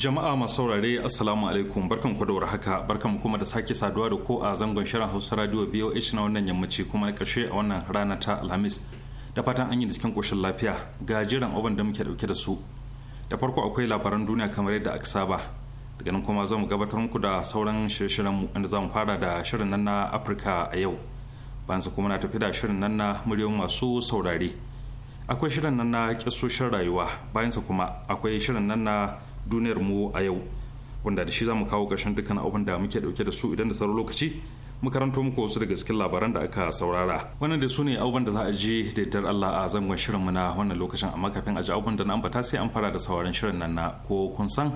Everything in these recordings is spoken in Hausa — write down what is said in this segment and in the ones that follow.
Jama'a masu saurare Assalamu alaikum barkan ku da warhaka barkan kuma da sake saduwa da ko a zangon shirin Hausa Radio VOH na wannan yammaci kuma na karshe a wannan rana ta Alhamis. Da fatan an yi da cikin koshin lafiya ga jiran abin da muke dauke da su. Da farko akwai labaran duniya kamar yadda aka saba. Daga nan kuma za gabatar muku da sauran shirye-shiryen mu inda za mu fara da shirin nan na Afirka a yau. Bayan kuma na tafi da shirin nan na muryoyin masu saurare. Akwai shirin nan na kisoshin rayuwa bayan kuma akwai shirin nan na duniyar mu a yau wanda da shi za mu kawo ƙarshen dukkan abin da muke dauke da su idan da sauran lokaci mu karanto muku wasu daga cikin labaran da aka saurara wannan da su ne abin da za a ji da dar Allah a zangon shirin mu na wannan lokacin amma kafin a ji abin da na ambata sai an fara da sauraron shirin nan na ko kun san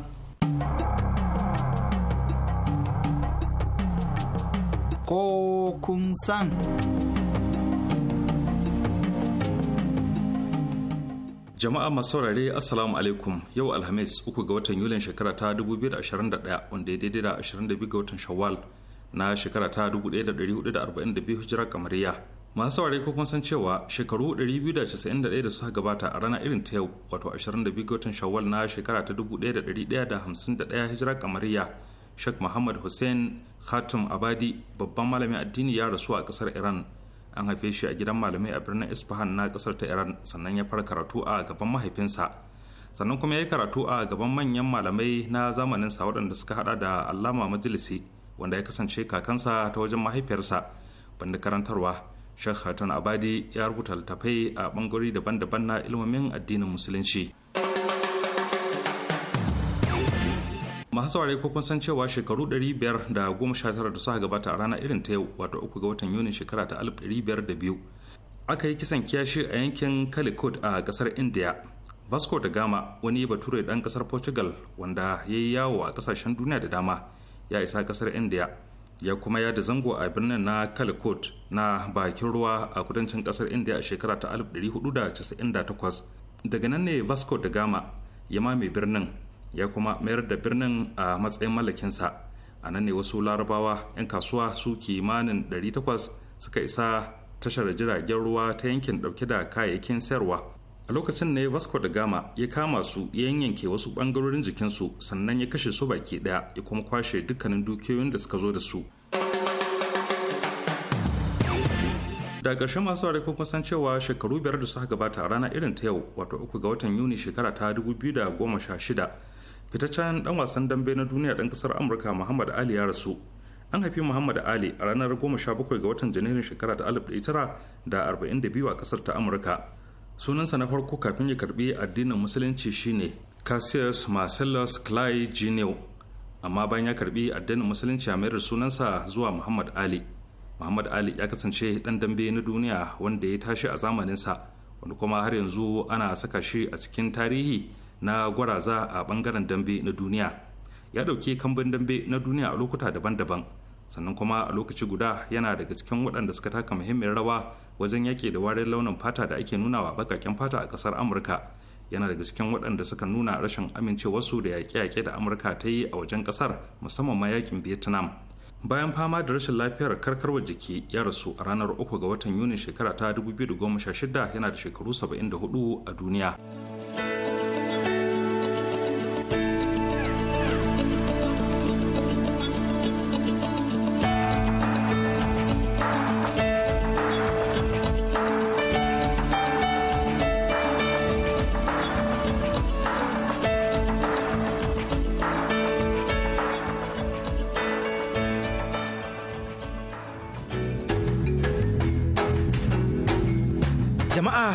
ko kun san Jama'a masu saurare Assalamu alaikum yau Alhamis uku ga watan Yulin shekara ta 2021 wanda ya daidai da 22 ga watan Shawwal na shekara ta 1442 hijira kamariya. Masu saurare ko kun san cewa shekaru 291 da suka gabata a ranar irin ta yau wato 22 ga watan Shawwal na shekara ta 1151 hijira kamariya. Shak Muhammad Hussein Khatum Abadi babban malamin addini ya rasu a kasar Iran. an haife shi a gidan malamai a birnin isfahan na kasar ta iran sannan ya fara karatu a gaban mahaifinsa sannan kuma ya yi karatu a gaban manyan malamai na zamaninsa waɗanda suka hada da allama majalisi wanda ya kasance kakansa ta wajen mahaifiyarsa banda karantarwa shek hatun abadi ya rubuta littattafai a bangarori daban-daban na ilmomin addinin musulunci. masu saurare ko kun san cewa shekaru 519 da suka gabata a rana irin ta yau wato uku ga watan yuni shekara ta alif da biyu. aka yi kisan kiyashi a yankin calicut a kasar india vasco da gama wani bature dan kasar portugal wanda ya yi yawo a kasashen duniya da dama ya isa kasar india ya kuma ya da zango a birnin na calicut na bakin ruwa a kudancin kasar india a shekara ta 1498 daga nan ne vasco da gama ya mame birnin ya kuma mayar da birnin a matsayin mallakinsa a nan ne wasu larabawa 'yan kasuwa su kimanin 800 suka isa tashar jiragen ruwa ta yankin dauke da kayayyakin sayarwa a lokacin ne vasco da gama ya kama su ya yanke wasu bangarorin jikinsu sannan ya kashe su baki daya ya kuma kwashe dukkanin dukiyoyin da suka zo da su da ƙarshe masu ware kuma san cewa shekaru biyar da suka gabata a rana irin ta yau wato uku ga watan yuni shekara ta 2016 fitaccen dan wasan dambe na duniya dan kasar amurka muhammad ali ya rasu an haifi muhammad ali a ranar 17 ga watan janairun shekara ta 1942 a kasar ta amurka sunansa na farko kafin ya karbi addinin musulunci shine cassius marcellus clay junior amma bayan ya karbi addinin musulunci a mayar sunansa zuwa muhammad ali muhammad ali ya kasance dan dambe na duniya wanda ya tashi a zamaninsa wanda kuma har yanzu ana saka shi a cikin tarihi na gwaraza a bangaren dambe na duniya ya dauke kambun dambe na duniya a lokuta daban-daban sannan kuma a lokaci guda yana daga cikin waɗanda suka taka muhimmiyar rawa wajen yake da warin launin fata da ake nunawa bakaken fata a ƙasar amurka yana daga cikin waɗanda suka nuna rashin amincewarsu da yaƙe-yaƙe da amurka ta yi a wajen ƙasar musamman ma yakin vietnam bayan fama da rashin lafiyar karkarwar jiki ya rasu a ranar 3 ga watan yunin shekara ta 2016 yana da shekaru 74 a duniya.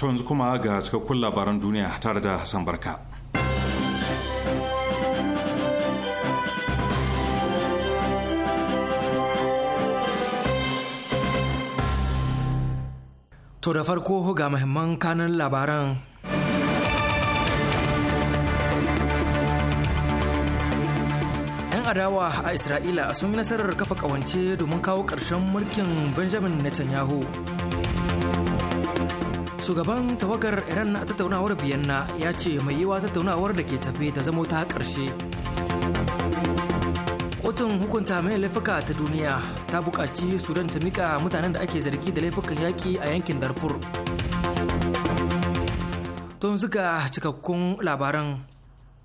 To yanzu kuma ga cikakkun labaran duniya tare da Hassan Barka. To da farko ga muhimman kanan labaran adawa a Isra'ila sun yi nasarar kafa kawance domin kawo ƙarshen mulkin Benjamin Netanyahu. shugaban tawagar iran a tattaunawar biyanna ya ce mai yiwa tattaunawar da ke tafe ta zamo ta ƙarshe kotun hukunta mai laifuka ta duniya ta buƙaci sudan ta mika mutanen da ake zargi da laifukan yaƙi a yankin darfur tun zuga cikakkun labaran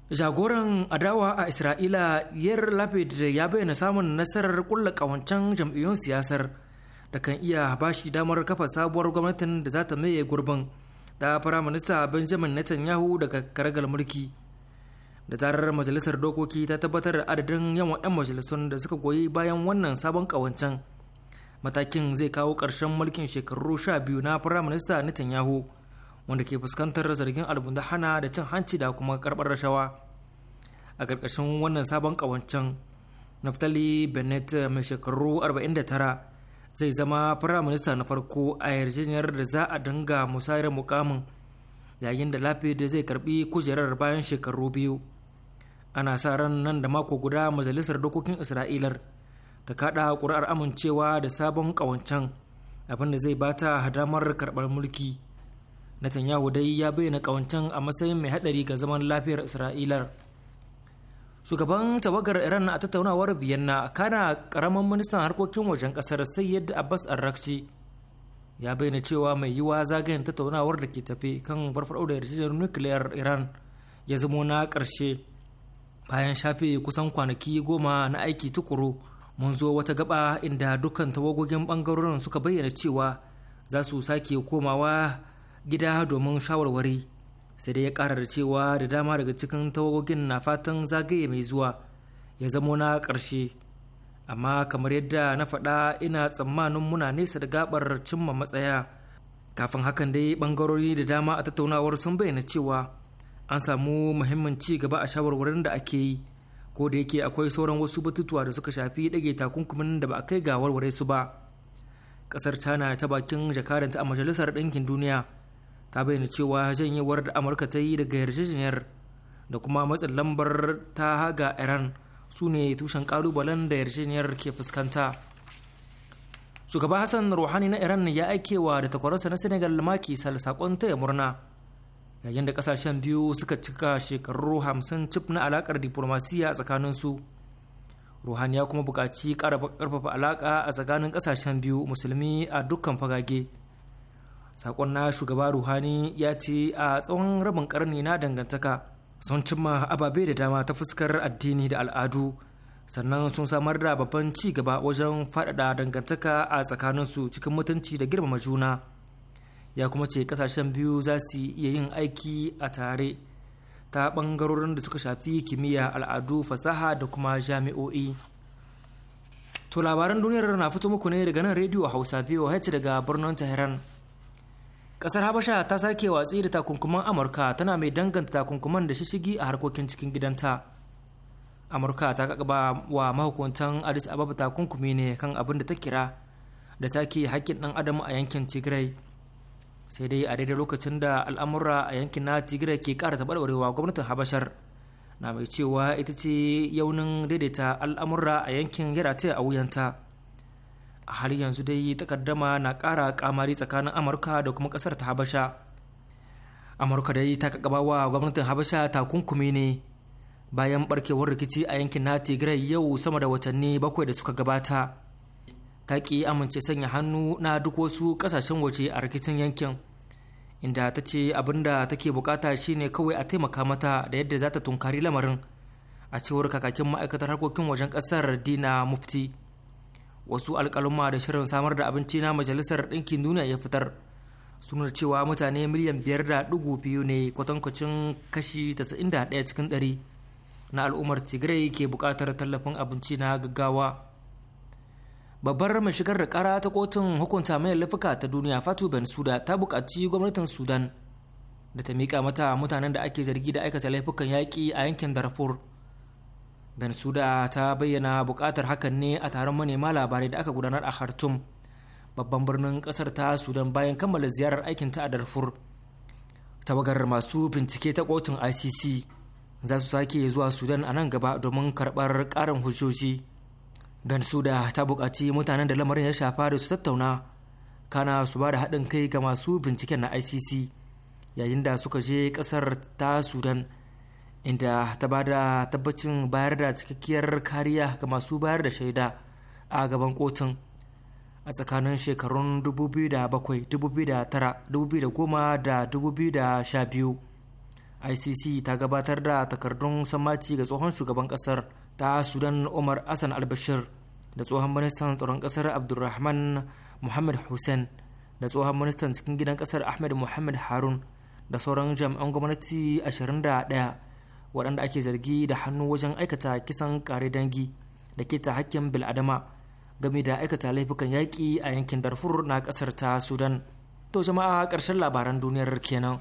jagoran adawa a isra'ila yar lapid ya bayyana samun nasarar kulla kawancen jam'iyyun siyasar da kan iya bashi damar kafa sabuwar gwamnatin da za ta maye gurbin da firaminista benjamin netanyahu daga karagar mulki da zarar majalisar dokoki ta tabbatar da adadin yawan 'yan majalisun da suka goyi bayan wannan sabon kawancen matakin zai kawo ƙarshen mulkin shekaru sha biyu na firaminista netanyahu wanda ke fuskantar zargin hana da cin hanci da kuma karɓar rashawa a ƙarƙashin wannan sabon ƙawancen naftali bennett mai shekaru 49 zai zama firaminista na farko a yarjejeniyar da za a danga musayar mukamin yayin da da zai karbi kujerar bayan shekaru biyu ana sa ran nan da mako guda majalisar dokokin isra'ilar ta kada ƙuri'ar amincewa da sabon ƙawancen abin da zai bata hadamar karɓar mulki netanyahu dai ya bayyana ƙawancen a matsayin mai haɗari ga zaman lafiyar isra'ilar shugaban tawagar iran a tattaunawar biyanna kana karamin ministan harkokin wajen kasar sayyid abbas arrakci ya bayyana cewa mai yiwa zagayen tattaunawar da ke tafi kan farfaɗo da yarjejeniyar nukiliyar iran ya zamo na ƙarshe bayan shafe kusan kwanaki goma na aiki tukuru mun zo wata gaba inda dukkan tawagogin bangarorin suka bayyana cewa za su sake komawa gida domin shawarwari sai dai ya ƙara da cewa da dama daga cikin tawagogin na fatan zagaye mai zuwa ya zamo na ƙarshe amma kamar yadda na faɗa ina tsammanin muna nesa da gabar cimma matsaya kafin hakan dai ɓangarori da dama a tattaunawar sun bayyana cewa an samu muhimmin ci gaba a shawarwarin da ake yi ko da yake akwai sauran wasu batutuwa da suka shafi ɗage takunkumin da ba a kai ga warware su ba ƙasar china ta bakin jakaranta a majalisar ɗinkin duniya ta bayyana cewa janyewar da amurka ta yi daga yarjejeniyar da kuma matsin lambar ta haga iran su ne tushen kalubalen da yarjejeniyar ke fuskanta shugaba hassan ruhani na iran ya aikewa da takwararsa na senegal maki sal sakon taya murna yayin da kasashen biyu suka cika shekaru hamsin cif na alakar diplomasiya a tsakaninsu ruhani ya kuma buƙaci ƙarfafa alaƙa a tsakanin kasashen biyu musulmi a dukkan fagage sakon na shugaba ruhani ya ce a tsawon rabin karni na dangantaka sun cimma ababe da dama ta fuskar addini da al'adu sannan sun samar da babban ci gaba wajen faɗaɗa dangantaka a tsakaninsu cikin mutunci da girmama juna ya kuma ce kasashen biyu za su iya yin aiki a tare ta ɓangarorin da suka shafi kimiyya al'adu fasaha da kuma jami'o'i to labaran duniyar na fito muku ne daga nan rediyo hausa voh daga birnin tehran kasar habasha ta sake watsi da takunkuman amurka tana mai danganta takunkuman da shishigi a harkokin cikin gidanta amurka ta kakaba wa mahukuntan addis ababa takunkumi ne kan abin da ta kira da take hakkin dan adam a yankin tigray sai dai a daidai lokacin da al'amura a yankin na tigray ke kara taɓarɓarewa gwamnatin habashar na mai cewa ita ce yaunin daidaita al'amura a yankin yarataya a wuyanta a har yanzu dai takaddama na kara kamari tsakanin amurka da kuma ƙasar ta habasha amurka dai ta kakaba wa gwamnatin habasha takunkumi ne bayan barkewar rikici a yankin na tigray yau sama da watanni bakwai da suka gabata ta ki amince sanya hannu na duk wasu kasashen waje a rikicin yankin inda ta ce abin da take bukata shine kawai a taimaka mata da yadda za ta tunkari lamarin a cewar kakakin ma'aikatar harkokin wajen ƙasar dina mufti wasu alkalumma da shirin samar da abinci na majalisar ɗinkin duniya ya fitar suna cewa mutane miliyan biyar da dugu biyu ne kwatankwacin kashi 91 cikin ɗari na al'ummar tigray ke buƙatar tallafin abinci na gaggawa babbar mai shigar da kara ta kotun hukunta mai laifuka ta duniya fatu ben suda ta buƙaci gwamnatin sudan da ta miƙa mata mutanen da ake zargi da aikata laifukan yaƙi a yankin darfur suda ta bayyana bukatar hakan ne a taron manema labarai da aka gudanar a khartoum babban birnin ƙasar ta sudan bayan kammala ziyarar aikin ta a darfur tawagar masu bincike ta kotun icc za su sake zuwa sudan a nan gaba domin karbar ƙarin hujjoji suda ta bukaci mutanen da lamarin ya shafa da su tattauna kana su ba da haɗin kai ga masu binciken na icc yayin da suka je ƙasar ta sudan inda ta ba da tabbacin bayar da cikakkiyar kariya ga masu bayar da shaida a gaban kotun a tsakanin shekarun 2007 2009 2012 icc ta gabatar da takardun samati ga tsohon shugaban kasar ta sudan umar asan albashir da tsohon ministan tsaron kasar abdulrahman muhammad hussein da tsohon ministan cikin gidan kasar ahmed muhammad harun da sauran jami'an gwamnati 21 waɗanda ake zargi da hannu wajen aikata kisan kare dangi da ke ta hakkin biladama game da aikata laifukan yaƙi a yankin darfur na ƙasar ta sudan to jama'a ƙarshen labaran duniyar kenan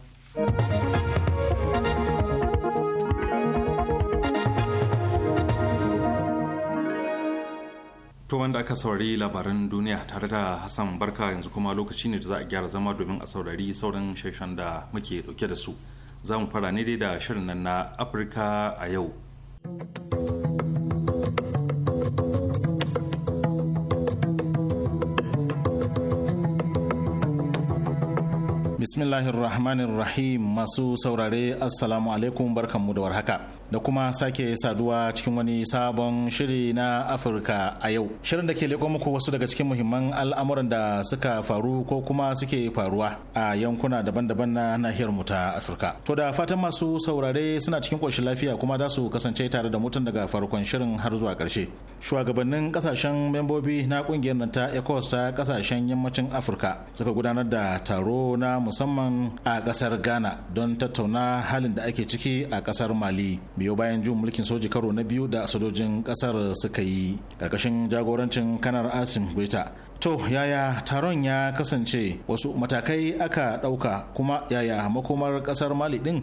to wanda aka saurari labaran duniya tare da hassan barka yanzu kuma lokaci ne da za a gyara zama domin a saurari sauran sheshen da muke dauke da su za mu fara ne dai da shirin nan na afirka a yau bismillahirrahmanirrahim masu saurare assalamu alaikum barkanmu da warhaka da kuma sake saduwa cikin wani sabon shiri na Afirka a yau. Shirin da ke leƙo muku wasu daga cikin muhimman al'amuran da suka faru ko kuma suke faruwa a yankuna daban-daban na nahiyar mu ta Afirka. To da fatan masu saurare suna cikin ƙoshin lafiya kuma za su kasance tare da mutum daga farkon shirin har zuwa ƙarshe. Shugabannin ƙasashen membobi na ƙungiyar nan ta ECOWAS ta ƙasashen yammacin Afirka suka gudanar da taro na musamman a ƙasar Ghana don tattauna halin da ake ciki a ƙasar Mali. biyo bayan jin mulkin soji karo na biyu da sojojin kasar suka yi karkashin jagorancin kanar asim guita to yaya taron ya kasance wasu matakai aka ɗauka kuma yaya makomar kasar mali ɗin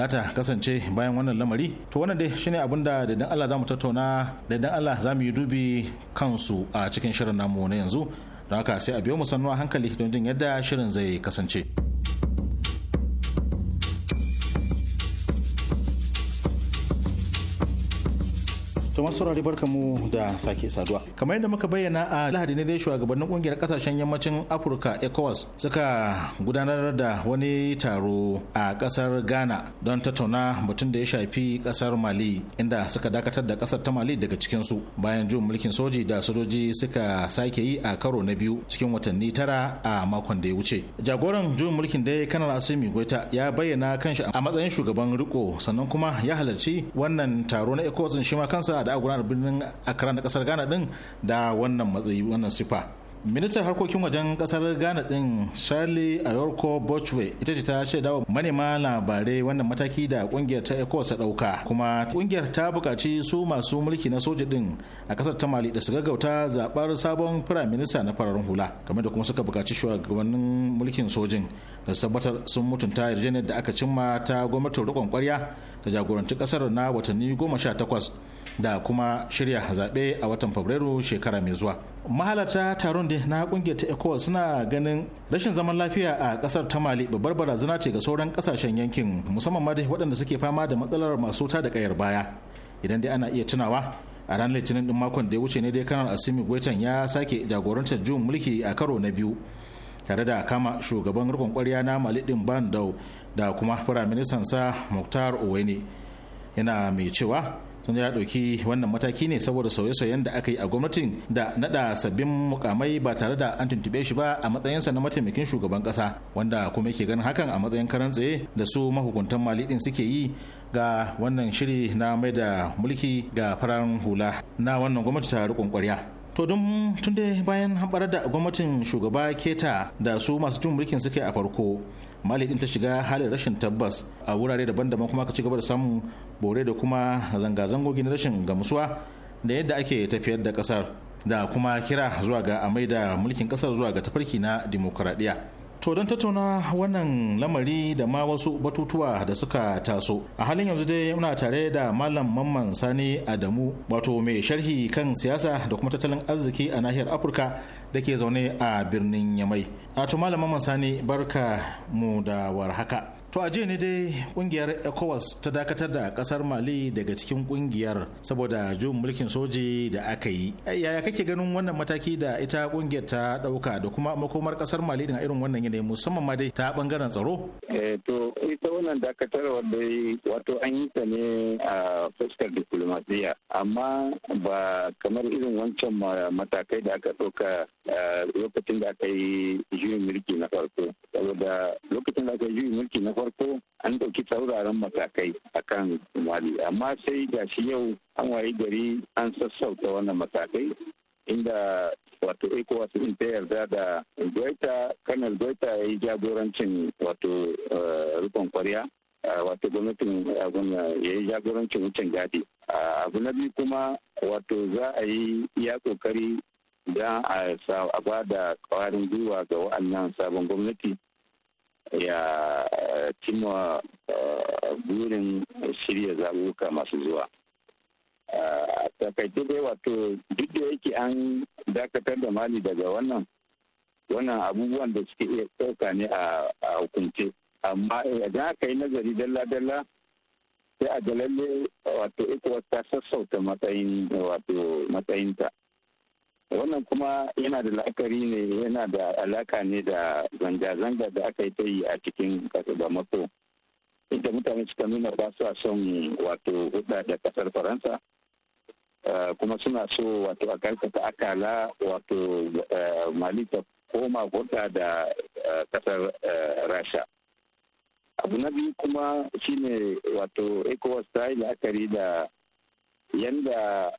za ta kasance bayan wannan lamari to wannan dai shine abin da da Allah za mu tattauna da Allah za mu yi dubi kansu a cikin shirin namu na yanzu don haka sai a biyo mu sannu a hankali don jin yadda shirin zai kasance. to masu barka mu da sake saduwa kamar yadda muka bayyana a lahadi ne dai shugabannin kungiyar kasashen yammacin afirka ecowas suka gudanar da wani taro a kasar ghana don tattauna mutum da ya shafi kasar mali inda suka dakatar da kasar ta mali daga cikin su bayan jin mulkin soji da sojoji suka sake yi a karo na biyu cikin watanni tara a makon da ya wuce jagoran juyin mulkin dai kanar asimi goita ya bayyana kanshi a matsayin shugaban riko sannan kuma ya halarci wannan taro na ecowas shi ma kansa da a gudanar birnin Accra na kasar Ghana din da wannan matsayi wannan sifa. Ministan harkokin wajen kasar Ghana din Charlie Ayorko Bochwe ita ce ta shaida wa manema labarai wannan mataki da kungiyar ta ECOWAS ta dauka kuma kungiyar ta bukaci su masu mulki na soja din a kasar ta Mali da su gaggauta zabar sabon firaminista na fararen hula kamar da kuma suka buƙaci shugabannin mulkin sojin da tabbatar sun mutunta yarjejeniyar da aka cimma ta gwamnatin rikon kwarya ta jagoranci kasar na watanni goma sha takwas da kuma shirya zaɓe a watan fabrairu shekara mai zuwa mahalarta taron da na kungiyar ta ecowas suna ganin rashin zaman lafiya a ƙasar ta mali babbar barazana ce ga sauran kasashen yankin musamman ma dai waɗanda suke fama da matsalar masu ta da kayar baya idan dai ana iya tunawa a ranar litinin din makon da ya wuce ne dai kanar asimi gwaitan ya sake jagorantar juyin mulki a karo na biyu tare da kama shugaban rikon kwarya na mali din bandau da kuma firaministan sa muktar owene yana mai cewa tunda ya dauki wannan mataki ne saboda sauye-sauyen da aka yi a gwamnatin da naɗa sabbin mukamai ba tare da an tuntube shi ba a matsayinsa na mataimakin shugaban ƙasa wanda kuma yake ganin hakan a matsayin karan tsaye da su mahukuntan mali ɗin suke yi ga wannan shiri na mai da mulki ga fararen hula na wannan gwamnati ta riƙon ƙwarya to don tun bayan hamɓarar da gwamnatin shugaba keta da su masu jin mulkin suka yi a farko mali din ta shiga halin rashin tabbas a wurare daban-daban kuma ka ci gaba da samun bore da kuma zanga-zangogi na rashin gamsuwa da yadda ake tafiyar da kasar da kuma kira zuwa ga amai da mulkin kasar zuwa ga tafarki na dimokuraɗiyya To don tattauna wannan lamari da ma wasu batutuwa da suka taso. A halin yanzu dai muna tare da Malam Mamman Sani Adamu wato mai sharhi kan siyasa da kuma tattalin arziki a nahiyar Afirka da ke zaune a birnin Yamai. A to Malam Mamman Sani barka mu da warhaka. To a ne dai kungiyar ECOWAS ta dakatar da kasar Mali daga cikin kungiyar saboda jun mulkin soji da aka yi. Eh, yaya kake ganin wannan mataki da ita kungiyar ta dauka da kuma makomar kasar Mali din irin wannan yanayi musamman ma dai ta bangaren tsaro? Eh, to ita wannan dakatarwar dai wato an yi ta ne a fuskar diplomasiya amma ba kamar irin wancan matakai da aka dauka eh, lokacin da aka yi juyin mulki na Saboda lokacin da aka yi juyin mulki na farko farko an ɗauki tsauraran matakai a akan mali amma sai ga shi yau an wayi gari an sassauta wannan matakai inda wato Eko wasu ta yarda da goita kanar goita ya yi jagorancin wato eh, rikon kwarya wato gwamnatin ya yi jagorancin wucin gadi abu na biyu kuma wato za a yi iya kokari don a ba da kwarin gwiwa ga wa'annan sabon gwamnati ya cimma eh, burin shirya zaɓuɓɓuka masu zuwa. Eh, a takaice dai wato duk da yake an dakatar da mali daga wannan wannan abubuwan da suke iya ɗauka ne a hukunce. Amma idan aka yi nazari dalla-dalla sai a dalalle wato ikuwar ta sassauta matsayin wato matsayinta. wannan kuma yana da la'akari ne yana da alaka ne da zanga-zanga da aka yi ta yi a cikin kasar mako inda mutane suka nuna ba su son wato hudda da kasar faransa eh, kuma suna so wato a karkata akala wato eh, mali ta koma hudda da kasar eh, rasha abu na biyu kuma shine wato ecowas ta yi la'akari da yanda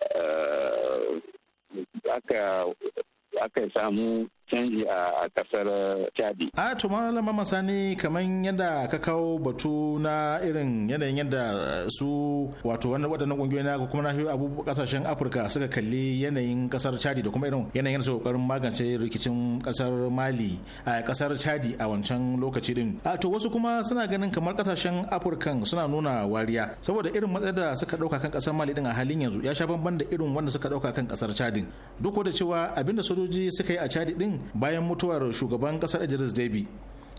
aka samu canji a kasar eh, chadi a to malama masani kamar yadda ka kawo batu na irin yanayin yadda eh, su wato waɗannan ƙungiyoyi na kuma na abu kasashen afirka suka kalli yanayin kasar chadi da kuma irin yanayin su ƙoƙarin magance rikicin kasar mali a kasar chadi a wancan lokaci din a to wasu kuma suna ganin kamar kasashen afirkan suna nuna wariya saboda irin matsayar da suka ɗauka kan kasar mali din a halin yanzu ya sha bamban da irin wanda suka dauka kan kasar chadi duk da cewa abinda sojoji suka yi a chadi din bayan mutuwar shugaban kasar Idris Deby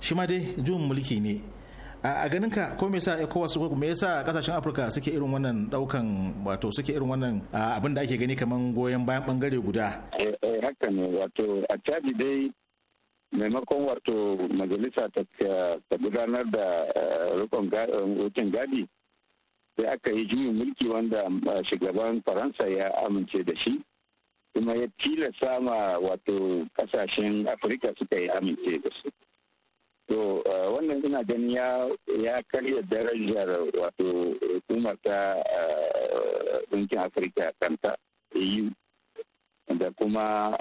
shi ma dai juyin mulki ne a ganin ka ko me yasa ECOWAS ko me yasa kasashen Afirka suke irin wannan daukan wato suke irin wannan abin da ake gani kamar goyon bayan bangare guda eh, eh haka ne wato a dai maimakon wato majalisa ta gudanar da eh, rukun gadi sai aka yi juyin mulki wanda eh, shugaban faransa ya amince da shi kuma ya tilasta ma wato kasashen afirka suka yi amince da su to wannan ina ganin ya karya darajar wato hukumar ta ɗinkin afirka kanta eu da kuma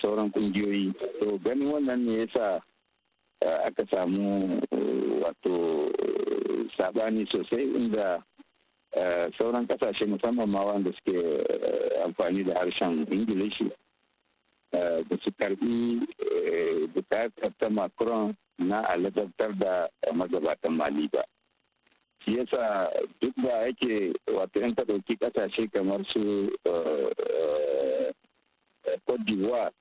sauran kungiyoyi to ganin wannan ne yasa aka samu wato sabani sosai inda Eh, sauran kasashe musamman ma wanda suke eh, amfani da harshen ingilishi da eh, su karbi bukatar ta macron na aladartar da magabatan mali ba shi yasa duk da yake wato yan ɗauki kasashe kamar su cote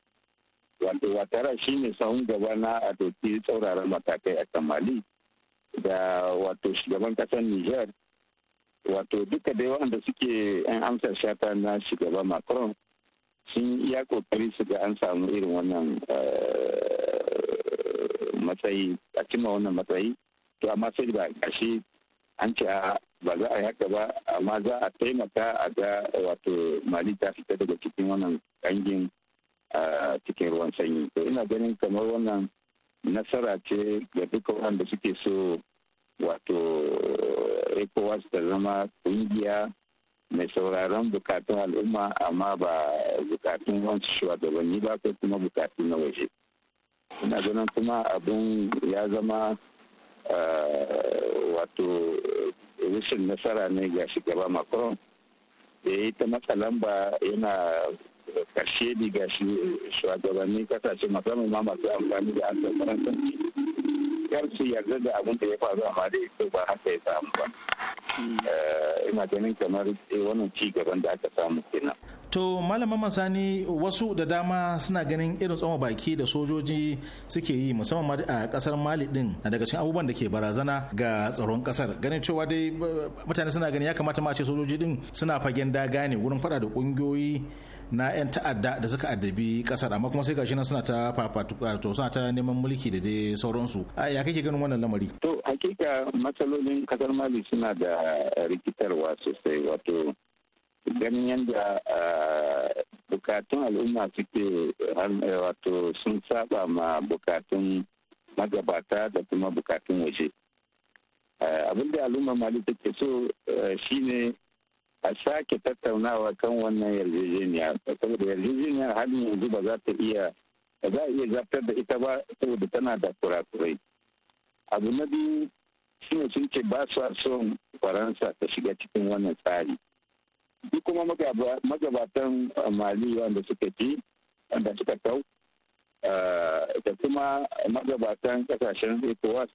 wato watara shi ne sahun gaba na a doki tsauraran matakai a kan mali da wato shugaban kasar niger wato duka dai wanda suke 'yan amsa shata na shugaba macron sun iya kokari su ga an samu irin wannan eh, matsayi a cima wannan matsayi to amma sai ba kashe an ce a ba za a yi haka ba amma za a taimaka a ga wato mali ta fita daga cikin wannan kangin a eh, cikin ruwan sanyi to ina ganin kamar wannan nasara ce ga duka wanda suke so wato ecowas ta zama kungiya mai sauraron bukatun al'umma amma ba bukatun wancan shugabanni ba ko kuma bukatu na waje ina ganin kuma abin ya zama eh, wato rashin nasara ne ga shugaba macron da ya yi ta matsalan ba yana karshe ne ga shugabannin kasashe musamman ma masu amfani da asar faransanci kar su yarda da abin da ya faru amma da ya ba haka ya samu ba eh, ina ganin kamar eh, wannan ci gaban da aka samu kenan to malaman masani wasu da dama suna ganin irin tsoma baki da sojoji suke yi musamman a kasar mali din na daga cikin abubuwan da ke barazana ga tsaron kasar ganin cewa dai mutane suna ganin ya kamata ma ce sojoji din suna fagen daga ne wurin fada da kungiyoyi na 'yan ta'adda da suka addabi kasar amma kuma sai gashi nan suna ta fafatuka to suna ta neman mulki da dai sauransu ya kake ganin wannan lamari to hakika matsalolin kasar mali suna da rikitarwa sosai wato ganin yadda bukatun al'umma suke wato sun saba ma bukatun magabata da kuma bukatun waje abinda al'umma mali take so shine a sake tattaunawa kan wannan yarjejeniya saboda yarjejeniya har yanzu ba za ta iya ba za a iya zartar da ita ba saboda tana da kurakurai abu na biyu shine sun ce ba su son faransa ta shiga cikin wannan tsari duk kuma magabatan eh, mali wanda suka ci wanda suka kau eh, da kuma magabatan kasashen ecowas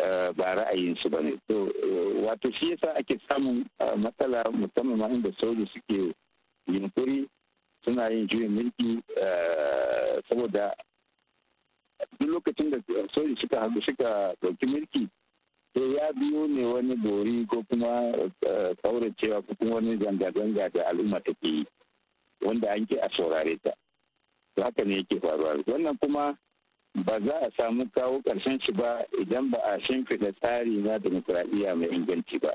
Eh, ba ra'ayin su ba ne. Eh, wato shi yasa ake samun eh, matsala musamman ma inda soja suke yunkuri suna yin juyin mulki saboda duk lokacin da soja suka hagu suka ɗauki mulki to ya biyo ne wani bori ko kuma kauracewa ko kuma wani zanga-zanga da al'umma take yi wanda an ke a saurare ta. Haka ne yake faruwa. Wannan kuma ba za a samu kawo ƙarshen shi ba idan ba a shimfiɗa tsari na demokuraɗiyya mai inganci ba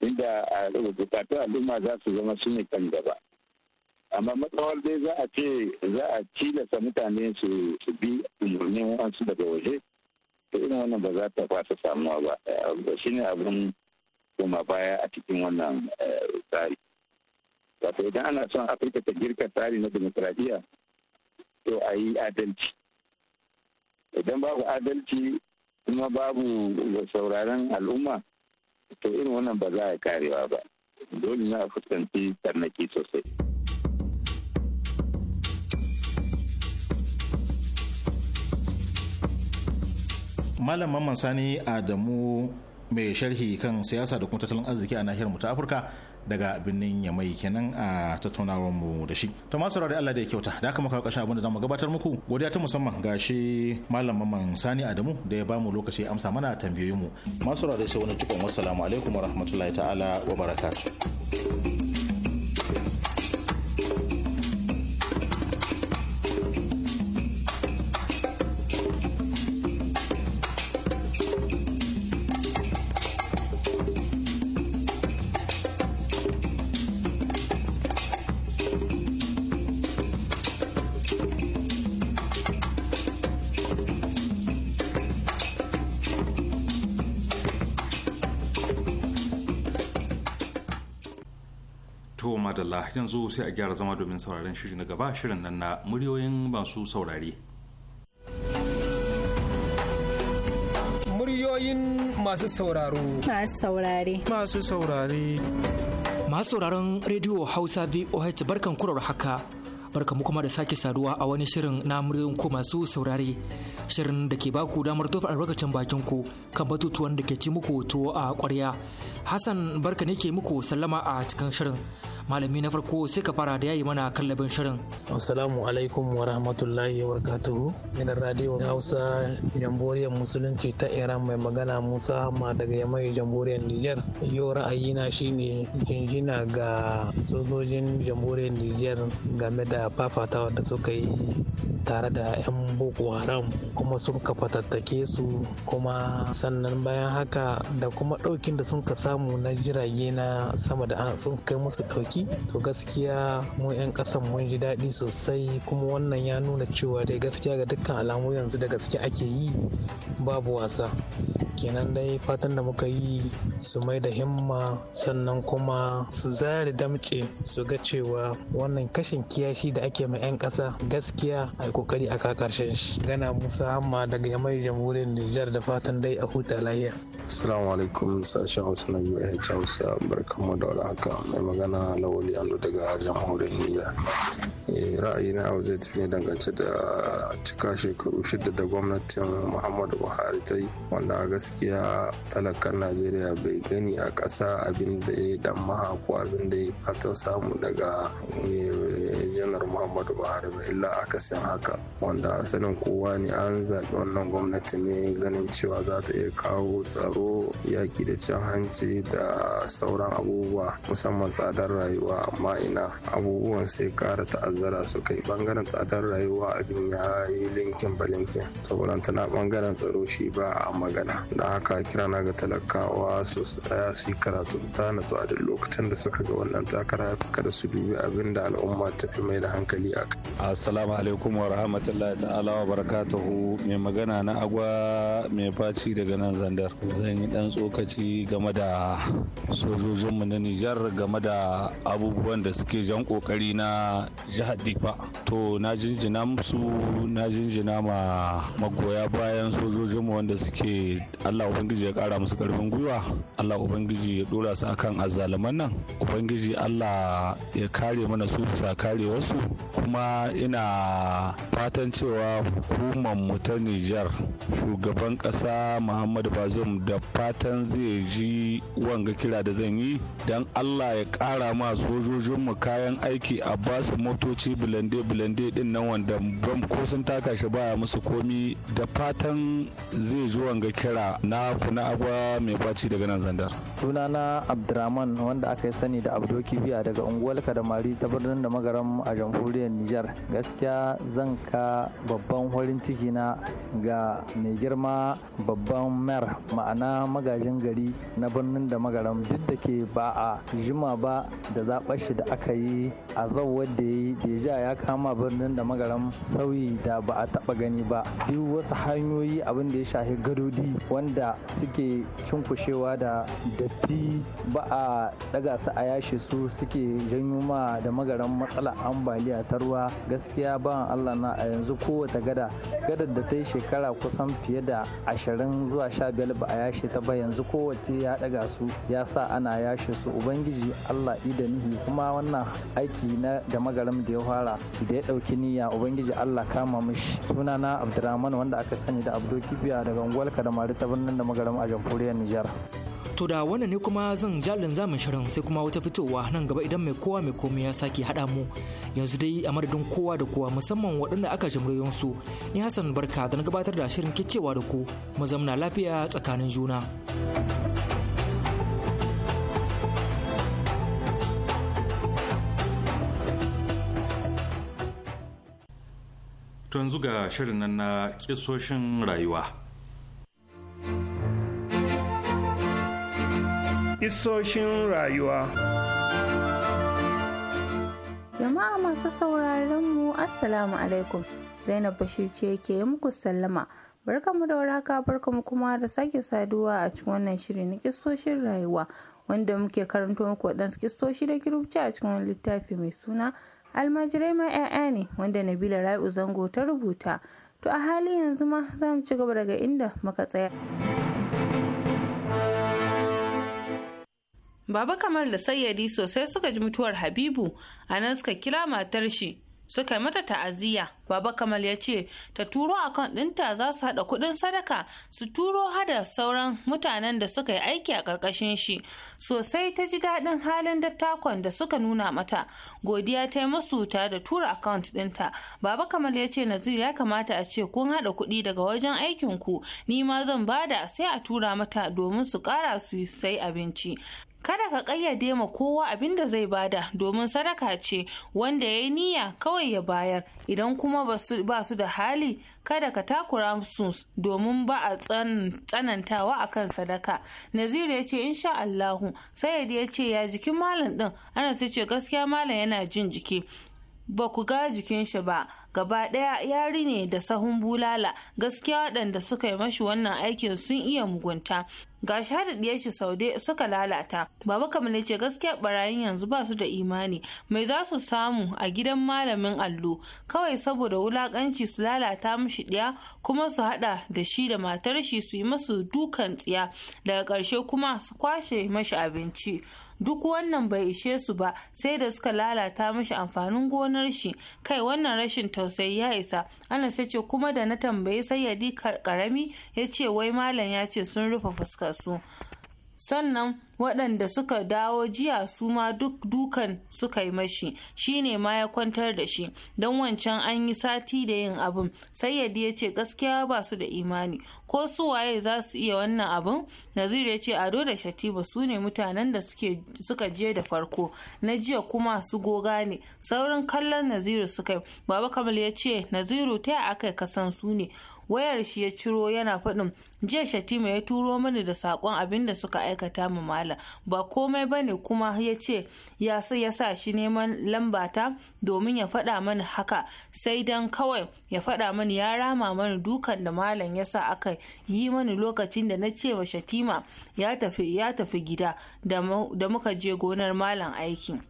inda a bukatun al'umma za su zama su ne kan gaba amma matsawar dai za a ce za a tilasta mutane su bi umarnin wasu daga waje to irin wannan ba za ta fasa samuwa ba eh, shi ne abin koma baya a cikin wannan eh, tsari wato idan ana son afirka ta girka tsari na demokuraɗiyya to a yi adalci idan babu adalci kuma babu sauraron al'umma to irin wannan ba za a karewa ba dole na fuskanci tarnaki sosai Malam Mamman Sani Adamu mai sharhi kan siyasa da kuma tattalin arziki a nahiyar mu ta Afirka daga birnin yamai kenan a tattaunawar mu da shi to masu da Allah da ya kyauta da aka kawo kashin abin da zamu gabatar muku godiya ta musamman ga shi malam mamman sani adamu da ya bamu lokaci amsa mana tambayoyin mu masu da sai wani cikon wassalamu alaikum warahmatullahi ta'ala wa barakatuh yanzu sai a gyara zama domin sauraron shirin na gaba shirin nan na muryoyin masu saurare. Muryoyin masu sauraro. Masu saurare. Masu saurare. Masu sauraron rediyo Hausa VOH barkan kurar haka. barka mu kuma da sake saduwa a wani shirin na muryoyin ku masu saurare shirin da ke baku damar tofa albarkacin bakin ku kan batutuwan da ke ci muku tuwo a ƙwarya hassan barka ne ke muku sallama a cikin shirin malami na farko sai ka fara da yayi mana kallabin shirin assalamu alaikum wa rahmatullahi wa barakatuhu ina radio hausa jamhuriyar musulunci ta iran mai magana musa ma daga yamai jamhuriyar niger yau ra'ayina shine jinjina ga sojojin jamhuriyar niger game da fafatawa da suka yi tare da 'yan boko haram kuma sun kafa su kuma sannan bayan haka da kuma ɗaukin da sun ka samu na jirage na sama da an sun kai musu ɗauki ciki to gaskiya mu 'yan ƙasan mun ji daɗi sosai kuma wannan ya nuna cewa dai gaskiya ga dukkan alamu yanzu da gaske ake yi babu wasa kenan dai fatan da muka yi su mai da himma sannan kuma su zare damce su ga cewa wannan kashin kiyashi da ake ma 'yan ƙasa gaskiya a kokari a karshen shi gana musa amma daga yamai jamhuriyar nijar da fatan dai a huta lahiya assalamu alaikum sashen hausa na biyu hausa barkanmu da haka mai magana lawali allo daga jamhuriyar niger eh, ra'ayina a zai tafi dangance da cika shekaru shida da gwamnatin muhammadu buhari ta yi wanda a gaskiya talakan najeriya bai gani a ƙasa abin da ya dan maha ko abin da ya fata samu daga eh, janar muhammadu buhari ba illa akasin haka wanda sanin kowa ne an zaɓi wannan gwamnati ne ganin cewa za ta iya kawo tsaro yaƙi da cin hanci da sauran abubuwa musamman tsadar rayuwa rayuwa amma ina abubuwan sai kara ta'azzara su kai bangaren tsadar rayuwa abin ya yi linkin balinkin saboda tana bangaren tsaro shi ba a magana da haka kira na ga talakawa su tsaya su yi karatu ta natsu a duk lokacin da suka ga wannan takara kada su dubi abin da al'umma ta fi mai da hankali a kai. assalamu alaikum wa rahmatullahi ta'ala wa barakatuhu mai magana na agwa mai faci daga nan zandar zan yi dan tsokaci game da sojojinmu na nijar game da abubuwan da suke jan kokari na jihar difa to na jinjina musu na jinjina ma magoya bayan sojojin mu wanda suke allah ubangiji ya kara musu karfin gwiwa allah ubangiji ya dora su akan azzaluman nan ubangiji allah ya kare mana su bisa kare wasu kuma ina fatan cewa hukumar mu ta nijar shugaban kasa muhammadu bazum da fatan zai ji wanga kira da zan yi don allah ya kara ma sojojinmu kayan aiki a ba su motoci bulande-bulande din nan wanda ban ko sun taka shi baya musu komi da fatan zai zo ga kira na kuna agwa mai faci daga nan zandar. sunana abdulrahman wanda aka yi sani da abdo kibiya daga unguwar kadamari ta birnin da magaram a jamhuriyar nijar gaskiya zan ka babban farin ciki na ga mai girma babban mayar ma'ana magajin gari na birnin da magaram duk da ke ba a jima ba da da zaɓar shi da aka yi a zau wadda ya yi deja ya kama birnin da magaram sauyi da ba a taɓa gani ba duk wasu hanyoyi abin da ya shafi gadodi wanda suke cunkushewa da datti ba a daga su a yashe su suke janyo ma da magaran matsala ambaliya ta ruwa gaskiya ba Allah na a yanzu kowace gada gadar da ta yi shekara kusan fiye da ashirin zuwa sha biyar ba a yashe ta ba yanzu kowace ya daga su ya sa ana yashe su ubangiji Allah idan kuma wannan aiki na da magaram da ya fara da ya dauki niyya ubangiji allah kama mishi na abdurrahman wanda aka sani da abdo kibiya daga unguwar kadamari ta birnin da magaram a jamhuriyar nijar to da wannan ne kuma zan jalin zamin shirin sai kuma wata fitowa nan gaba idan mai kowa mai komai ya sake haɗa mu yanzu dai a madadin kowa da kowa musamman waɗanda aka jimriyon su ni hassan barka da na gabatar da shirin kicewa da ku mu zamna lafiya tsakanin juna. to yanzu ga shirin nan na kisoshin rayuwa kisoshin rayuwa jama'a masu sauraron mu assalamu alaikum zainab bashir ce ke muku sallama barkamu da waraka barkamu kuma da sake saduwa a cikin wannan shiri na kisoshin rayuwa wanda muke karanto muku waɗansu kisoshi da kirubci a cikin wani littafi mai suna almajirai ma 'ya'ya ne wanda nabila rai'u zango ta rubuta to a hali yanzu ma za mu ci gaba daga inda muka tsaya baba kamal da sayyadi sosai suka ji mutuwar habibu a nan suka kira matar shi suka mata ta'aziyya baba kamal ya ce ta turo akaunt ɗinta za su haɗa kuɗin sadaka su turo hada sauran mutanen da suka yi aiki a ƙarƙashin shi sosai ta ji daɗin halin dattakon da suka nuna mata godiya ta yi musu ta da tura akaunt ɗinta baba kamal ya ce nazir ya kamata a ce kun haɗa kuɗi daga wajen aikin ku ni ma zan bada sai a tura mata domin su ƙara su sai abinci kada ka ƙayyade ma kowa abin da zai bada domin sadaka ce wanda ya yi niyya kawai ya bayar idan kuma ba su da hali kada ka takura su domin ba a tsanantawa akan sadaka naziru ya ce insha allahu sayyid ya ce ya jikin malam din ana sai ce gaskiya malam yana jin jiki ba ku ga jikin shi ba gaba ɗaya yari ne da sahun bulala gaskiya waɗanda suka yi mashi wannan aikin sun iya mugunta ga shahadaddiyar shi saude suka lalata baba kamale ce gaskiya barayin yanzu ba su da imani mai za su samu a gidan malamin allo kawai saboda wulakanci su lalata mashi ɗaya kuma su haɗa da shi da matar shi su yi masu dukan tsiya daga ƙarshe kuma su kwashe mashi abinci duk wannan bai ishe su ba sai da suka lalata mashi amfanin gonar shi kai wannan rashin tausayi ya isa anas ya ce kuma da na tambayi sayyadi karami ya ce wai malam ya ce sun rufe fuskar su sannan waɗanda suka dawo jiya su ma duk dukan suka yi mashi shi ne ma ya kwantar da shi don wancan an yi sati da yin abin sayyadi ya ce gaskiya ba su da imani ko su waye za su iya wannan abin naziru ya ce ado da shatiba su ne mutanen da suka je da farko na jiya kuma su goga ne saurin kallon naziru suka yi baba kamal ya ce naziru ta aka kasan su ne wayar shi ya ciro yana faɗin jiya shatima ya turo mani da sakon abin da suka aikata mu malam ba komai bane kuma ya ce ya ya sa shi neman lambata domin ya faɗa mani haka sai dan kawai ya faɗa mani ya rama mani dukan da malam ya sa aka yi mani lokacin da na ce wa shatima ya tafi ya tafi gida da muka je gonar malam aiki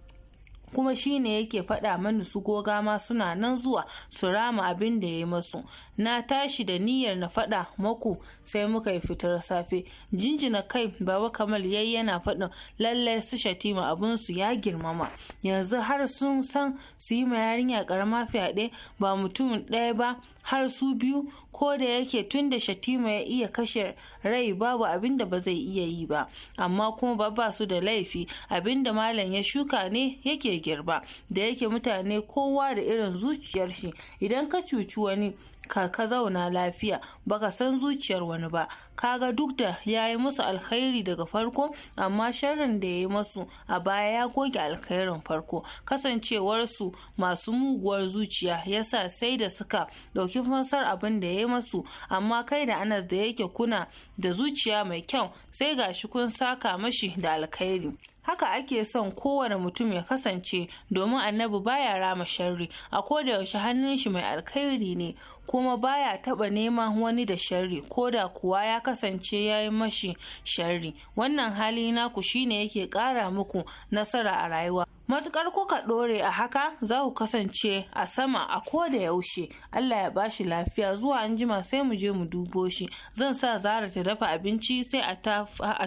kuma shi ne yake faɗa mani su goga ma suna nan zuwa su rama abin da ya masu na tashi da niyyar na faɗa maku sai muka yi fitar safe jinjina kai baba kamal yayi yana faɗin lallai su shatima abin su ya girmama yanzu har sun san su yi ma yarinya karama fyaɗe ba mutum ɗaya ba har su biyu ko da yake tun da shatima ya iya kashe rai babu abin da ba zai iya yi ba amma kuma ba ba su da laifi abin da malam ya shuka ne yake girba da yake mutane kowa da irin zuciyar shi idan ka cuci wani ka ka zauna lafiya baka san zuciyar wani ba kaga duk da ya yi musu alkhairi daga farko amma sharrin da ya yi musu a baya ya goge alkhairin farko kasancewarsu masu muguwar zuciya yasa sai da suka ɗauki fansar abin da ya yi musu amma kai da anas da yake kuna da zuciya mai kyau sai ga shi kun saka mashi da alkhairi haka ake son kowane mutum ya kasance domin annabi baya rama sharri a koda yaushe hannun shi mai alkhairi ne kuma baya taba neman wani da sharri da kuwa ya kasance kasance ya yi mashi shari wannan hali naku shine yake ƙara muku nasara a rayuwa matukar kuka ɗore a haka za ku kasance a sama a ko da yaushe Allah ya bashi lafiya zuwa an jima sai mu je mu dubo shi zan sa zara ta dafa abinci sai a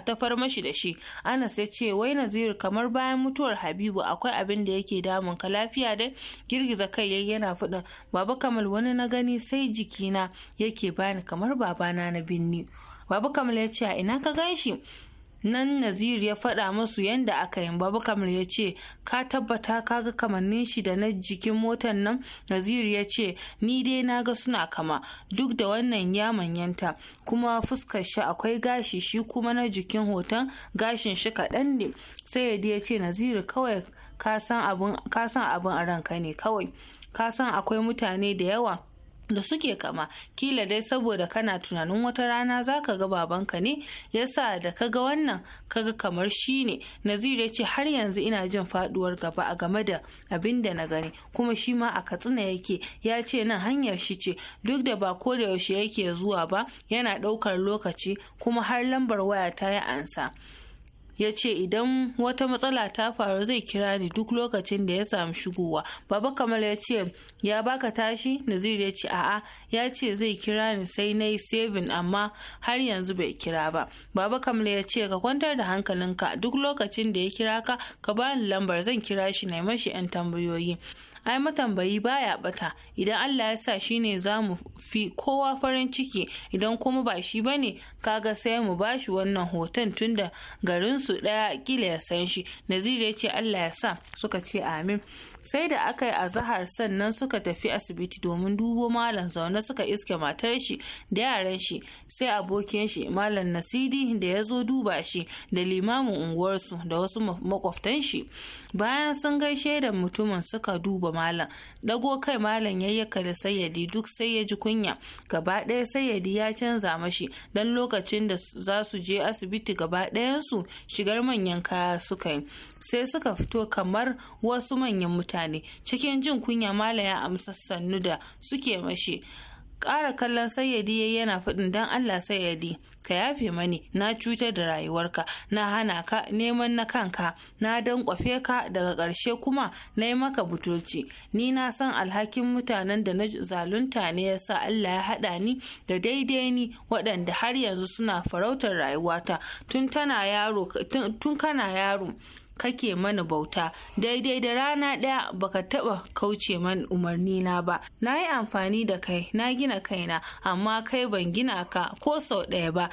tafar mashi da shi anas ya ce wai naziru kamar bayan mutuwar habibu akwai abin da yake damun ka lafiya dai girgiza kai yayi yana faɗin baba kamal wani na gani sai jikina yake bani kamar babana na binni babu kamar ya ce a ina ka gan shi nan nazir ya faɗa masu yadda aka yi babu kamar ya ce ka tabbata ka ga kamannin shi da na jikin motar nan nazir ya ce ni dai na ga suna kama duk da wannan ya manyanta kuma fuskar shi akwai gashi shi kuma na jikin hoton gashin shi kaɗan ne sai ya ce nazir kawai ka san abin a ranka ne kawai ka san akwai mutane da yawa da suke kama kila dai saboda kana tunanin wata rana za ka ga babanka ne yasa da ka ga wannan kaga kamar shi ne nazir ya ce har yanzu ina jin faduwar gaba a game da abin da na gani kuma shi ma a katsina yake ya ce nan hanyar shi ce duk da ba ko da yaushe yake zuwa ba yana ɗaukar lokaci kuma har lambar waya ta yi ansa ya ce idan wata matsala ta faru zai kira ni duk lokacin da ya samu shigowa baba kamal ya ce ya baka tashi nazir ya ce a'a ya ce zai kira ni sai na yi saving amma har yanzu bai kira ba baba kamal ya ce ka kwantar da hankalinka duk lokacin da ya kira ka ka bani lambar zan kira shi na mashi 'yan tambayoyi ai matambayi baya bata idan Allah ya sa shine za mu fi kowa farin ciki idan kuma ba shi bane kaga sai mu bashi wannan hoton tunda garin su daya kila ya san shi naziru ya ce allah ya sa suka ce amin sai da aka yi azahar sannan suka tafi asibiti domin dubo malam zaune suka iske matar shi da yaran shi sai abokin shi malam nasidi da ya zo duba shi da limamin unguwarsu da wasu makwaftan shi bayan sun gaishe da mutumin suka duba malam dago kai malam yayyaka da sayyadi duk sai ya ji kunya gaba ɗaya sayyadi ya canza mashi dan lokacin lokacin da za su je asibiti gaba ɗayansu shigar manyan kaya suka yi sai suka fito kamar wasu manyan mutane cikin jin kunya malaya ya amsa da suke mashi ƙara kallon sayyadi yayi yana faɗin dan Allah sayyadi ka yafe mani na cutar da rayuwarka na hana ka neman na kanka na kwafe ka daga ƙarshe kuma na yi maka butoci ni na san alhakin mutanen da na zalunta ne ya sa Allah ya haɗa ni da daidai ni waɗanda har yanzu suna farautar rayuwata tun kana yaro kake mana bauta daidai da rana ɗaya baka taɓa kauce man umarni na ba na yi amfani da kai na gina kaina amma kai ban gina ka ko sau ɗaya ba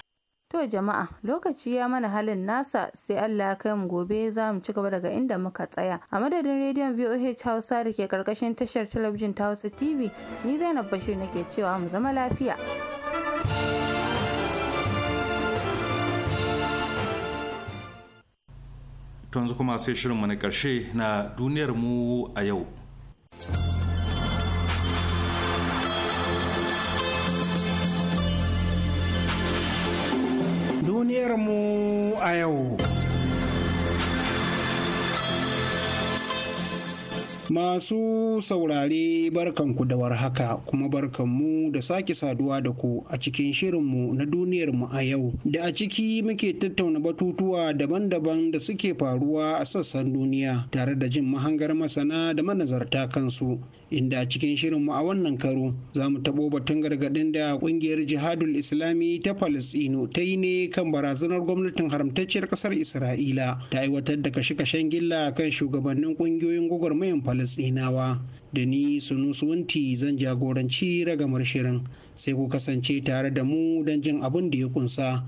to jama'a lokaci ya mana halin nasa sai allah ya kai mu gobe za mu ci gaba daga inda muka tsaya a madadin rediyon voh hausa da ke karkashin tashar talabijin ta hausa tv ni zainab bashir nake cewa mu zama lafiya to yanzu kuma sai shirinmu na ƙarshe na duniyar mu a yau duniyar mu a yau Masu saurare barkan ku da warhaka kuma barkanmu da sake saduwa da ku a cikin shirin mu na duniyar mu a yau da a ciki muke tattauna batutuwa daban-daban da suke faruwa a sassan duniya tare da jin mahangar masana da manazarta kansu. inda cikin shirinmu a wannan karo za mu taɓo batun gargaɗin da ƙungiyar jihadul islami ta Falasɗinu ta yi ne kan barazanar gwamnatin haramtacciyar ƙasar isra'ila ta aiwatar da kashe-kashen gilla kan shugabannin ƙungiyoyin gwagwarmayan Falasɗinawa. da ni suwanti zan jagoranci ragamar shirin sai ku kasance tare da mu don jin abin da ya kunsa.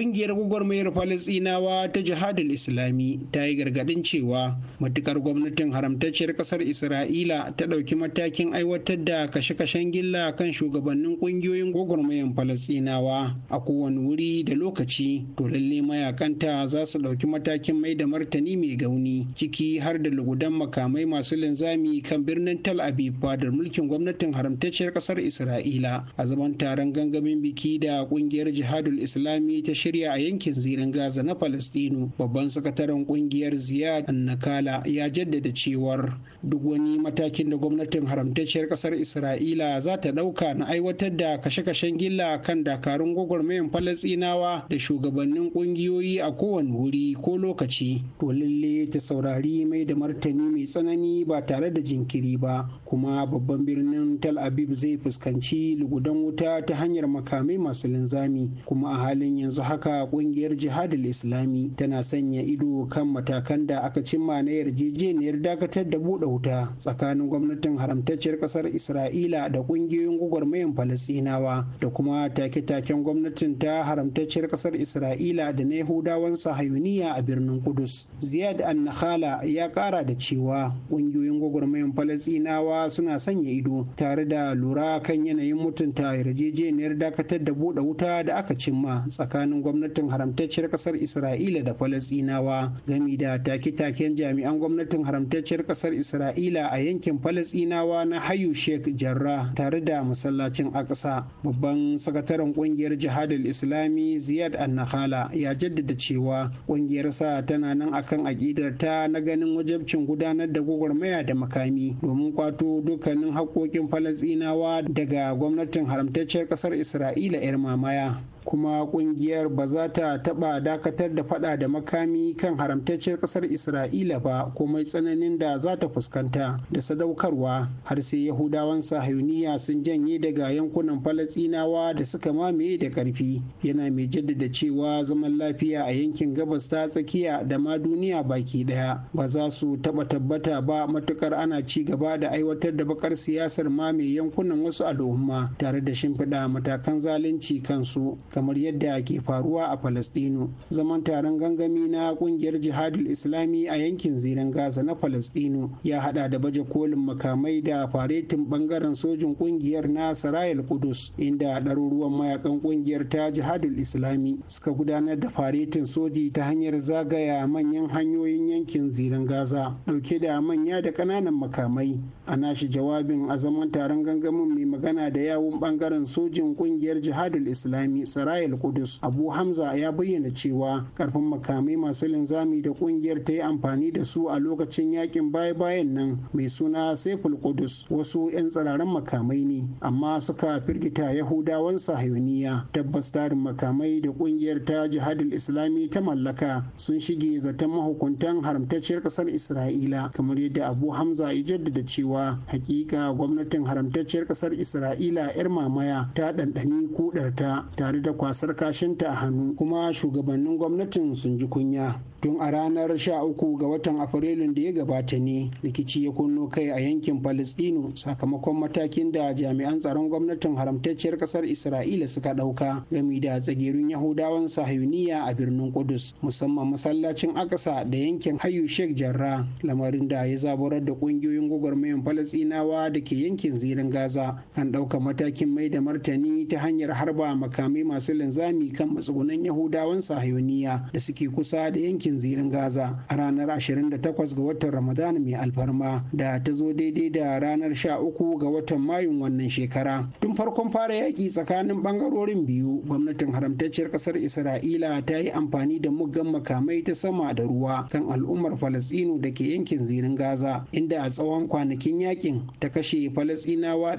Ƙungiyar gwagwarmayar Falasinawa ta Jihadul Islami ta yi gargadin cewa matukar gwamnatin haramtacciyar ƙasar Isra'ila ta ɗauki matakin aiwatar da kashe-kashen gilla kan shugabannin ƙungiyoyin gwagwarmayar Falasɗinawa a kowane wuri da lokaci to lalle mayakanta za su ɗauki matakin mai da martani mai gauni ciki har da lugudan makamai masu linzami kan birnin Tal abib fadar mulkin gwamnatin haramtacciyar ƙasar Isra'ila a zaman taron gangamin biki da ƙungiyar Jihadul Islami ta shirya shirya a yankin zirin Gaza na Falasɗinu. Babban sakataren kungiyar Ziyad Annakala ya jaddada cewar duk wani matakin da gwamnatin haramtacciyar ƙasar Isra'ila za ta ɗauka na aiwatar da kashe-kashen gilla kan dakarun gwagwarmayan Falasɗinawa da shugabannin kungiyoyi a kowane wuri ko lokaci. To lalle ta saurari mai da martani mai tsanani ba tare da jinkiri ba kuma babban birnin Tal Abib zai fuskanci lugudan wuta ta hanyar makamai masu linzami kuma a halin yanzu haka haka kungiyar jihadul islami tana sanya ido kan matakan da aka cimma na yarjejeniyar dakatar da buɗe wuta tsakanin gwamnatin haramtacciyar ƙasar isra'ila da ƙungiyoyin gwagwarmayan falasinawa da kuma take-taken gwamnatin ta haramtacciyar ƙasar isra'ila da na yahudawan sahayuniya a birnin kudus ziyad Annahala ya ƙara da cewa ƙungiyoyin gwagwarmayan falasinawa suna sanya ido tare da lura kan yanayin mutunta yarjejeniyar dakatar da buɗe wuta da aka cimma tsakanin gwamnatin haramtacciyar kasar isra'ila da falasinawa gami da take-taken jami'an gwamnatin haramtacciyar kasar isra'ila a yankin falasinawa na hayu sheikh Jarra tare da masallacin aksa babban sakataren kungiyar jihadul islami ziyad al-Nakhala ya jaddada cewa kungiyarsa tana nan akan aƙidar ta na ganin wajabcin gudanar da gwagwarmaya da makami domin kwato dukkanin haƙƙoƙin falasinawa daga gwamnatin haramtacciyar ƙasar isra'ila 'yar mamaya kuma kungiyar ba za ta taba dakatar da fada da makami kan haramtacciyar kasar isra'ila ba komai tsananin da za ta fuskanta da sadaukarwa har sai yahudawan sahayuniya sun janye daga yankunan falasinawa da suka mamaye da karfi yana mai jaddada cewa zaman lafiya a yankin gabas ta tsakiya da ma duniya baki daya ba za su taba tabbata ba matukar ana ci gaba da aiwatar da bakar siyasar mamaye yankunan wasu al'umma tare da shimfiɗa matakan zalunci kansu kamar yadda ke faruwa a Falasɗinu. Zaman taron gangami na ƙungiyar jihadul Islami a yankin zirin Gaza na Falasɗinu ya haɗa da baje kolin makamai da faretin bangaren sojin ƙungiyar na Sarayal Kudus inda ɗaruruwan mayakan ƙungiyar ta jihadul Islami suka gudanar da faretin soji ta hanyar zagaya manyan hanyoyin yankin zirin Gaza ɗauke da manya da ƙananan makamai. A nashi jawabin a zaman taron gangamin mai magana da yawun ɓangaren sojin ƙungiyar jihadul Islami sarayil kudus abu hamza ya bayyana cewa karfin makamai masu linzami da kungiyar ta yi amfani da su a lokacin yakin baya bayan nan mai suna saiful kudus wasu 'yan tsiraran makamai ne amma suka firgita yahudawan sahayuniya tabbas tarin makamai da kungiyar ta jihadul islami ta mallaka sun shige zaton mahukuntan haramtacciyar ƙasar isra'ila kamar yadda abu hamza ya jaddada cewa hakika gwamnatin haramtacciyar ƙasar isra'ila 'yar mamaya ta ɗanɗani kudarta tare da da kwasar kashinta a hannu kuma shugabannin gwamnatin sun ji kunya tun a ranar 13 ga watan afrilun da ya gabata ne rikici ya kunno kai a yankin palestino sakamakon matakin da jami'an tsaron gwamnatin haramtacciyar kasar isra'ila suka ɗauka gami da tsagerun yahudawan sahayuniya a birnin kudus musamman masallacin akasa da yankin hayu sheikh jarra lamarin da ya zaburar da ƙungiyoyin gwagwarmayan palestinawa da ke yankin zirin gaza kan ɗauka matakin mai da martani ta hanyar harba makamai masu linzami kan matsugunan yahudawan sahayuniya da suke kusa da yankin yankin zirin Gaza a ranar 28 ga watan Ramadan mai alfarma da ta zo daidai da ranar 13 ga watan Mayun wannan shekara. Tun farkon fara yaƙi tsakanin ɓangarorin biyu, gwamnatin haramtacciyar ƙasar Isra'ila ta yi amfani da muggan makamai ta sama da ruwa kan al'ummar Falasɗinu da ke yankin zirin Gaza, inda a tsawon kwanakin yakin ta kashe Falasɗinawa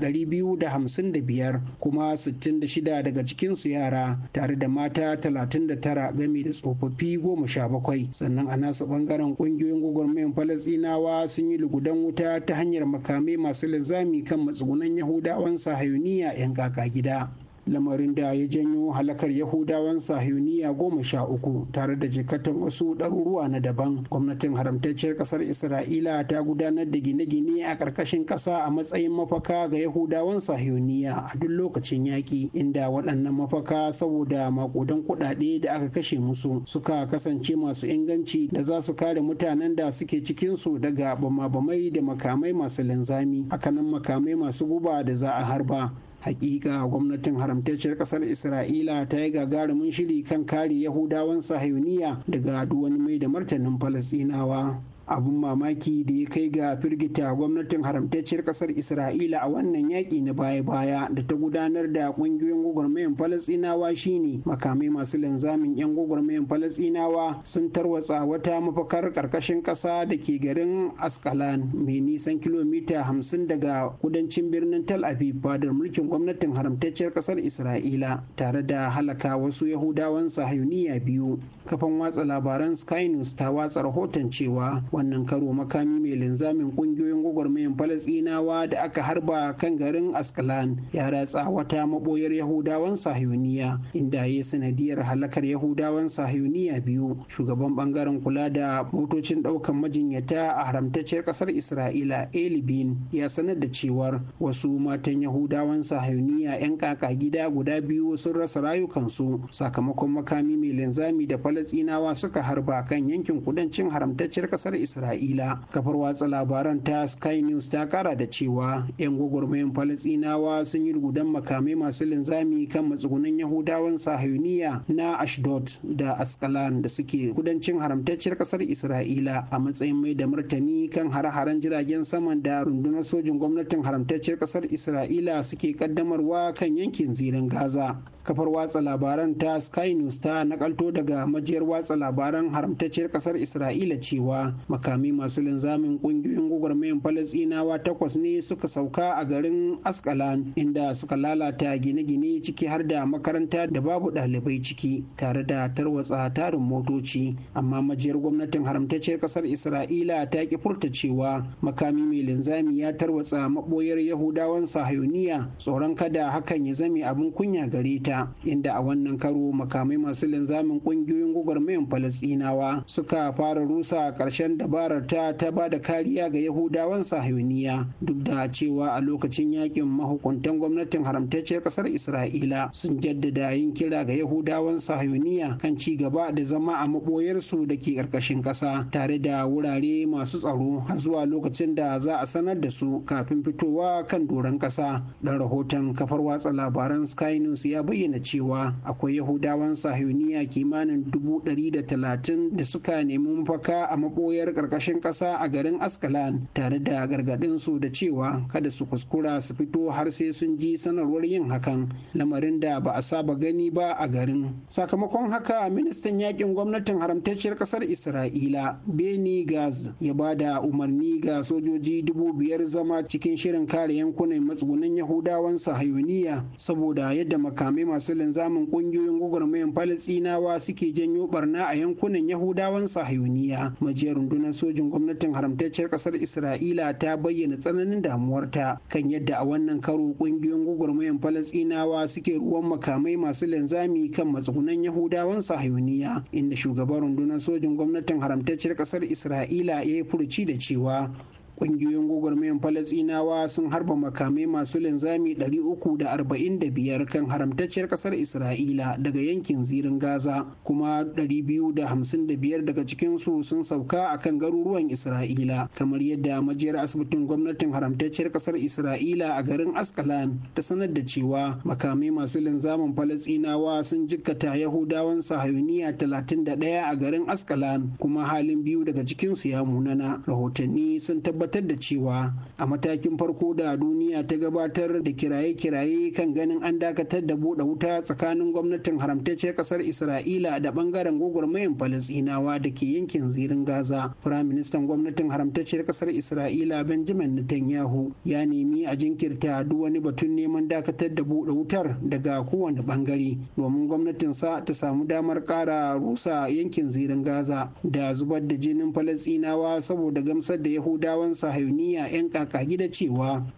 biyar kuma 66 daga cikinsu yara tare da mata tara gami da tsofaffi goma sha bakwai. sannan a nasa bangaren kungiyoyin gwagwarmayan falasinawa sun yi lugudan wuta ta hanyar makamai masu linzami kan matsugunan yahudawan sahayuniya 'yan kaka gida lamarin da ya janyo halakar yahudawan sahiyuniya goma sha uku tare da jikatan wasu ɗaruruwa na daban gwamnatin haramtacciyar ƙasar isra'ila ta gudanar da gine-gine a ƙarƙashin ƙasa a matsayin mafaka ga yahudawan sahiyuniya a duk lokacin yaƙi inda waɗannan mafaka saboda maƙudan kuɗaɗe da aka kashe musu suka kasance masu inganci da za su kare mutanen da suke cikin su daga bama-bamai da makamai masu linzami hakanan makamai masu guba da za a harba hakika gwamnatin haramtacciyar kasar isra'ila ta yi gagarumin shiri kan kare yahudawan sahiyuniya daga wani mai da martanin falasinawa abun mamaki da ya kai ga firgita gwamnatin haramtacciyar kasar isra'ila a wannan yaƙi na baya-baya da ta gudanar da ƙungiyoyin gwagwarmayar falasinawa shine makamai masu linzamin 'yan gwagwarmayar falasinawa sun tarwatsa wata mafakar ƙarƙashin ƙasa da ke garin askalan mai nisan kilomita 50 daga kudancin birnin tel aviv fadar mulkin gwamnatin haramtacciyar kasar isra'ila tare da halaka wasu yahudawan sahayuniya biyu kafan watsa labaran sky news ta watsa rahoton cewa wannan karo makami mai linzamin kungiyoyin gwagwarmayar falasinawa da aka harba kan garin askalan ya ratsa wata maboyar yahudawan sahiyuniya inda ya sanadiyar halakar yahudawan sahiyuniya biyu shugaban bangaren kula da motocin daukan majinyata a haramtacciyar kasar isra'ila elibin ya sanar da cewar wasu matan yahudawan sahiyuniya 'yan kaka gida guda biyu sun rasa rayukansu sakamakon makami mai linzami da falasinawa suka harba kan yankin kudancin haramtacciyar kasar isra'ila kafar watsa labaran ta sky news ta kara da cewa 'yan gwagwarmayan falasinawa sun yi rugudan makamai masu linzami kan matsugunan yahudawan sahayuniya na ashdod da askalan da suke kudancin haramtacciyar kasar isra'ila a matsayin mai da martani kan hare-haren jiragen saman da rundunar sojin gwamnatin haramtacciyar kasar isra'ila suke kaddamarwa kan yankin zirin gaza kafar watsa labaran ta sky news ta nakalto daga majiyar watsa labaran haramtacciyar kasar isra'ila cewa makami masu linzamin kungiyoyin gwagwarmayan falasinawa takwas ne suka sauka a garin askalan inda suka lalata gine-gine ciki har da makaranta da babu ɗalibai ciki tare da tarwatsa tarin motoci amma majiyar gwamnatin haramtacciyar ƙasar isra'ila ta ki furta cewa makami mai linzami ya tarwatsa maɓoyar yahudawan sahayuniya tsoron kada hakan ya zame abin kunya gare ta inda a wannan karo makamai masu linzamin kungiyoyin gwagwarmayan falasinawa suka fara rusa ƙarshen dabarar ta ta ba da kariya ga yahudawan sahiyoniya duk da cewa a lokacin yakin mahukuntan gwamnatin haramtacciyar kasar isra'ila sun jaddada yin kira ga yahudawan sahiyoniya kan ci gaba da zama a maboyarsu da ke karkashin ƙasa tare da wurare masu tsaro har zuwa lokacin da za a sanar da su kafin fitowa kan doron ƙasa dan rahoton kafar watsa labaran sky news ya bayyana cewa akwai yahudawan sahiyoniya kimanin dubu ɗari da talatin da suka nemi mafaka a maboyar karkashin kasa a garin askalan tare da gargadin su da cewa kada su kuskura su fito har sai sun ji sanarwar yin hakan lamarin da ba a saba gani ba a garin sakamakon haka ministan yakin gwamnatin haramtacciyar kasar isra'ila beni gaz ya ba da umarni ga sojoji dubu biyar zama cikin shirin kare yankunan matsugunan yahudawan sahayuniya saboda yadda makamai masu linzamin kungiyoyin gwagwarmayan falastinawa suke janyo barna a yankunan yahudawan sahayuniya majiyar rundunar sunan sojin gwamnatin haramtacciyar kasar isra'ila ta bayyana tsananin damuwarta kan yadda a wannan karo kungiyoyin gwagwarmayan falasinawa suke ruwan makamai masu linzami kan matsugunan yahudawan sahayuniya inda shugaban rundunar sojin gwamnatin haramtacciyar kasar isra'ila ya yi furuci da cewa ƙungiyoyin gwagwarmayar falasinawa sun harba makamai masu linzami 345 kan haramtacciyar ƙasar isra'ila daga yankin zirin gaza kuma 255 daga cikinsu sun sauka a kan garuruwan isra'ila kamar yadda majiyar asibitin gwamnatin haramtacciyar ƙasar isra'ila a garin askalan ta sanar da cewa makamai masu linzamin falasinawa sun jikkata yahudawan sahayuniya 31 a garin askalan kuma halin biyu daga cikinsu ya munana rahotanni sun tabbatar tabbatar da cewa a matakin farko da duniya ta gabatar da kiraye-kiraye kan ganin an dakatar da buɗe wuta tsakanin gwamnatin haramtacciyar ƙasar isra'ila da ɓangaren gwagwarmayan Falasinawa da ke yankin zirin gaza firaministan gwamnatin haramtacciyar ƙasar isra'ila benjamin netanyahu ya nemi a jinkirta duk wani batun neman dakatar da buɗe wutar daga kowane ɓangare domin gwamnatinsa ta samu damar ƙara rusa yankin zirin gaza da zubar da jinin Falasinawa saboda gamsar da yahudawan sahayuniya 'yan kaka gida cewa gwamnatin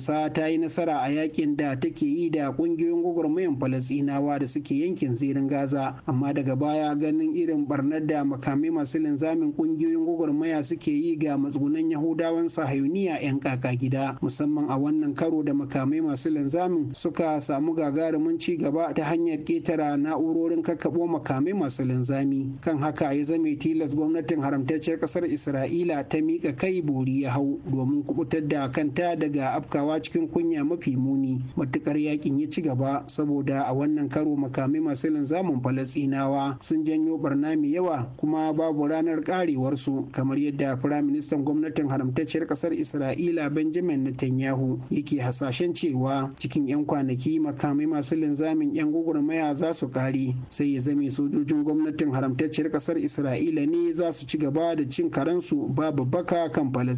gwamnatinsa ta yi nasara a yakin da take yi da kungiyoyin gwagwarmayan falasinawa da suke yankin zirin gaza amma daga baya ganin irin barnar da makamai masu linzamin kungiyoyin gwagwarmaya suke yi ga matsugunan yahudawan sahayuniya 'yan kaka gida musamman a wannan karo da makamai masu linzamin suka samu gagarumin ci gaba ta hanyar ketara na'urorin kakkaɓo makamai masu linzami kan haka ya zame tilas gwamnatin haramtacciyar ƙasar isra'ila ta miƙa kai bori buri ya hau domin kubutar da kanta daga afkawa cikin kunya mafi muni matukar yakin ya ci gaba saboda a wannan karo makamai masu linzamin falasinawa sun janyo barna mai yawa kuma babu ranar karewarsu kamar yadda firaministan gwamnatin haramtacciyar kasar isra'ila benjamin netanyahu yake hasashen cewa cikin 'yan kwanaki makamai masu linzamin 'yan gwagwarmaya za su kare sai ya zame sojojin gwamnatin haramtacciyar kasar isra'ila ne za su ci gaba da cin karansu babu baka kan falasinawa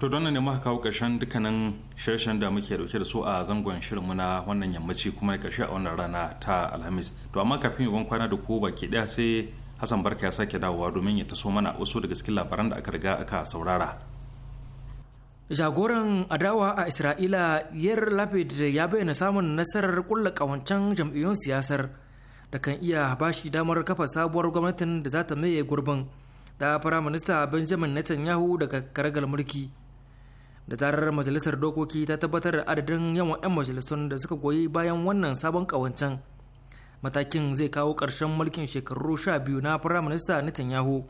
to don ne muka kawo ƙarshen dukkanin shirshen da muke dauke da su a zangon shirinmu na wannan yammaci kuma karshe a wannan rana ta alhamis to amma kafin yawan kwana da ku baki daya sai hassan barka ya sake dawowa domin ya taso mana wasu daga cikin labaran da aka riga aka saurara jagoran adawa a isra'ila yar lapid ya bayyana samun nasarar kulla kawancen jam'iyyun siyasar da kan iya bashi damar kafa sabuwar gwamnatin da za ta maye gurbin da firaminista benjamin netanyahu daga karagar mulki da zarar majalisar dokoki ta tabbatar da adadin yawan 'yan majalisun da suka goyi bayan wannan sabon kawancen matakin zai kawo ƙarshen mulkin shekaru sha biyu na firaminista netanyahu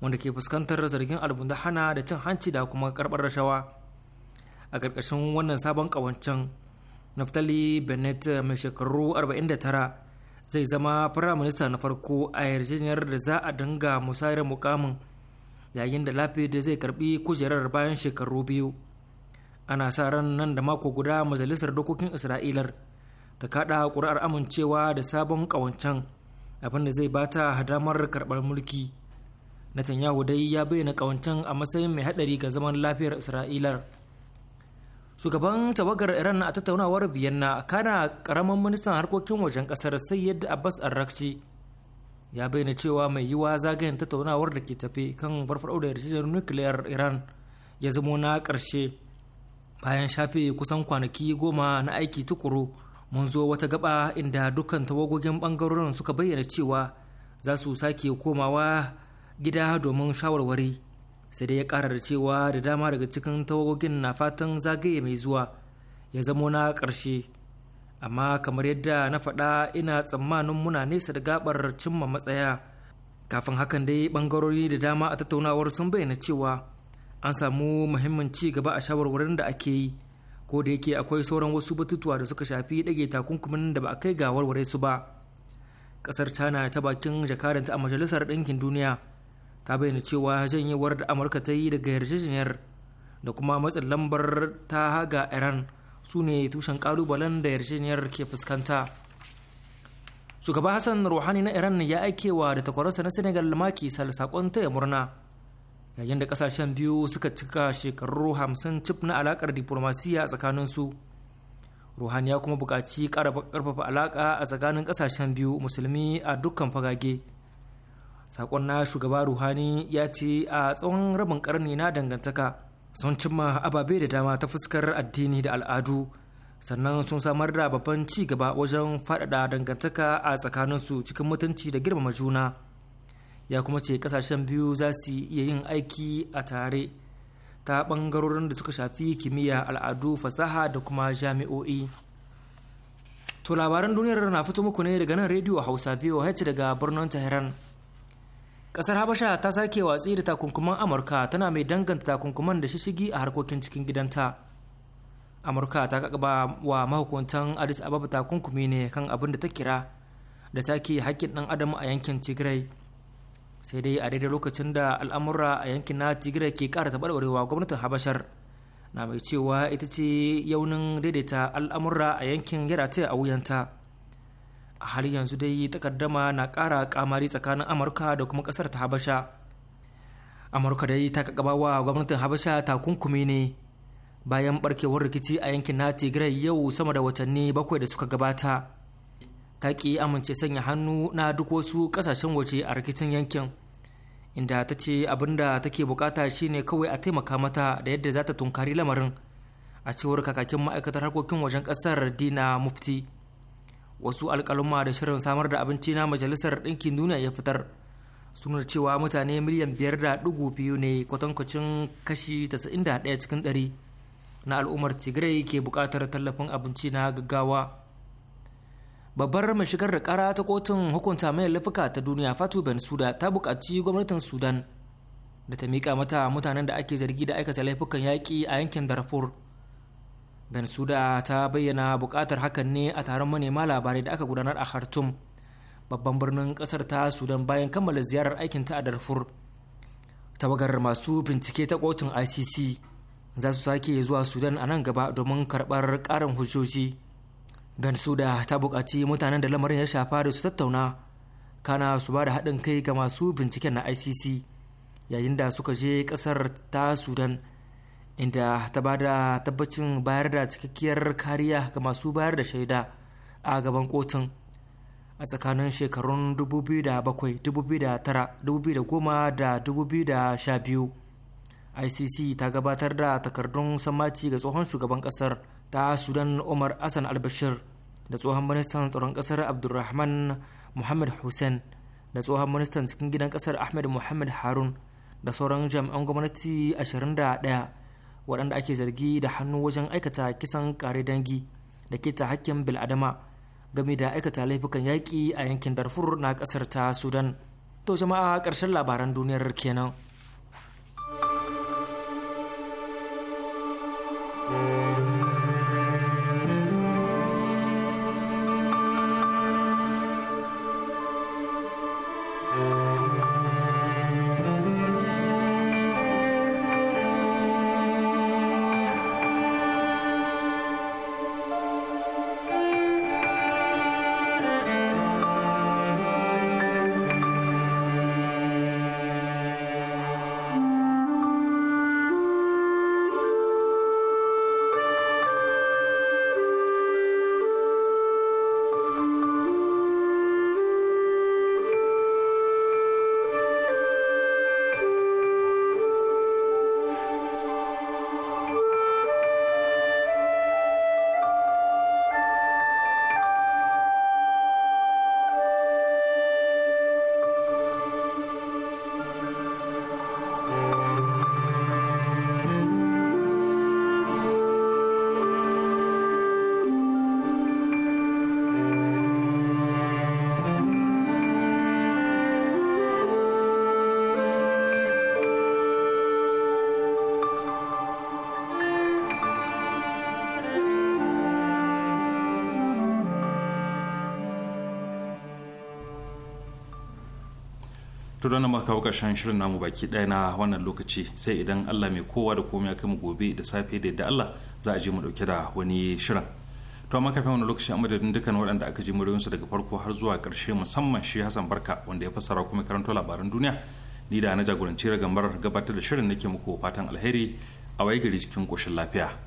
wanda ke fuskantar zargin hana da cin hanci da kuma karɓar rashawa a ƙarƙashin wannan sabon kawancen naftali bennett mai shekaru 49 zai zama firaminista na farko a yarjejeniyar da za a dinga musayar mukamin yayin da da zai karbi kujerar bayan shekaru biyu ana sa ran nan da mako guda majalisar dokokin isra'ilar ta kada ƙuri'ar amincewa da sabon ƙawancen abin da zai bata hadamar karɓar mulki netanyahu dai ya bayyana ƙawancen a matsayin mai haɗari ga zaman lafiyar isra'ilar shugaban tawagar iran a tattaunawar biyanna kana ƙaramin ministan harkokin wajen ƙasar sayyid abbas arrakci ya bayyana cewa mai yiwa zagayen tattaunawar da ke tafe kan farfaɗo da yarjejeniyar nukiliyar iran ya zamo na ƙarshe bayan shafe kusan kwanaki goma na aiki tukuru mun zo wata gaba inda dukkan tawagogin bangarorin suka bayyana cewa za su sake komawa gida domin shawarwari sai dai ya kara da cewa da dama daga cikin tawagogin na fatan zagaye mai zuwa ya zamo na ƙarshe amma kamar yadda na faɗa ina tsammanin muna nesa da gabar cimma matsaya kafin hakan dai bangarori da dama a tattaunawar sun bayyana cewa an samu muhimmin ci gaba a shawarwarin da ake yi ko da yake akwai sauran wasu batutuwa da suka shafi dage takunkumin da ba a kai ga warware su ba kasar china ta bakin jakaranta a majalisar ɗinkin duniya ta bayyana cewa janyewar da amurka ta yi daga yarjejeniyar da kuma matsin lambar ta haga iran su ne tushen kalubalen da yarjejeniyar ke fuskanta shugaba hassan ruhani na iran ya aikewa da takwararsa na senegal maki sal sakon taya murna yayin da kasashen biyu suka cika shekaru hamsin cif na alakar diplomasiya a tsakaninsu ruhani ya kuma buƙaci ƙarfafa alaƙa a tsakanin ƙasashen biyu musulmi a dukkan fagage sakon na shugaba ruhani ya ce a tsawon rabin ƙarni na dangantaka sun cimma ababe da dama ta fuskar addini da al'adu sannan sun samar da babban ci gaba wajen faɗaɗa dangantaka a tsakaninsu cikin mutunci da girmama juna ya kuma ce kasashen biyu za su iya yin aiki a tare ta bangarorin da suka shafi kimiyya al'adu fasaha da kuma jami'o'i to labaran duniyar na fito muku ne daga nan rediyo hausa biyu voh daga birnin tehran kasar habasha ta sake watsi da takunkuman amurka tana mai danganta takunkuman da shishigi a harkokin cikin gidanta amurka ta kakaba wa mahukuntan addis ababa takunkumi ne kan abin da ta kira da take hakkin dan adam a yankin tigray sai dai a daidai lokacin da al'amura a yankin na tigray ke kara taɓarɓarewa gwamnatin habashar na mai cewa ita ce yaunin daidaita al'amura a yankin ta a wuyanta a har yanzu dai takaddama na ƙara kamari tsakanin amurka da kuma ƙasar ta habasha amurka dai ta kakaba wa gwamnatin habasha takunkumi ne bayan barkewar rikici a yankin na tigray yau sama da watanni bakwai da suka gabata ta ki amince sanya hannu na duk wasu kasashen waje a rikicin yankin inda ta ce da take bukata shine kawai a taimaka mata da yadda za ta tunkari lamarin a cewar kakakin ma'aikatar harkokin wajen kasar dina mufti wasu alkaluma da shirin samar da abinci na majalisar ɗinkin duniya ya fitar suna cewa mutane miliyan biyar da ɗigo biyu ne kwatankwacin kashi ɗaya cikin ɗari na al'ummar tigray ke buƙatar tallafin abinci na gaggawa babbar mai shigar da kara ta kotun hukunta mai laifuka ta duniya fatu ben suda ta bukaci gwamnatin sudan da ta mika mata mutanen da ake zargi da aikata laifukan yaƙi a yankin darfur ben suda ta bayyana buƙatar hakan ne a taron manema labarai da aka gudanar a khartoum babban birnin ƙasar ta sudan bayan kammala ziyarar aikin ta a darfur tawagar masu bincike ta kotun icc za su sake zuwa sudan a nan gaba domin karɓar karin hujjoji bensuda ta buƙaci mutanen da lamarin ya shafa da su tattauna kana su ba da haɗin kai ga masu binciken na icc yayin da suka je ƙasar ta sudan inda ta ba da tabbacin bayar da cikakkiyar kariya ga masu bayar da shaida a gaban kotun a tsakanin shekarun 2007 2009 da 2012 icc ta gabatar da takardun sammaci ga tsohon shugaban ƙasar ta sudan umar asan albashir da tsohon ministan tsaron kasar abdulrahman muhammad hussein da tsohon ministan cikin gidan kasar ahmed muhammad harun da sauran jami'an gwamnati 21 waɗanda ake zargi da hannu wajen aikata kisan kare dangi da ke ta hakkin bil'adama game da aikata laifukan yaƙi a yankin darfur na ƙasar ta sudan to jama'a ƙarshen labaran duniyar kenan. to don maka kawo shirin namu baki ɗaya na wannan lokaci sai idan allah mai kowa da komai ya kai mu gobe da safe da yadda allah za a je mu ɗauke da wani shirin to amma kafin wani lokaci a madadin dukkan waɗanda aka ji muryoyinsu daga farko har zuwa ƙarshe musamman shi hassan barka wanda ya fassara kuma karanto labaran duniya ni da na jagoranci ragamar gabatar da shirin nake muku fatan alheri a waye gari cikin koshin lafiya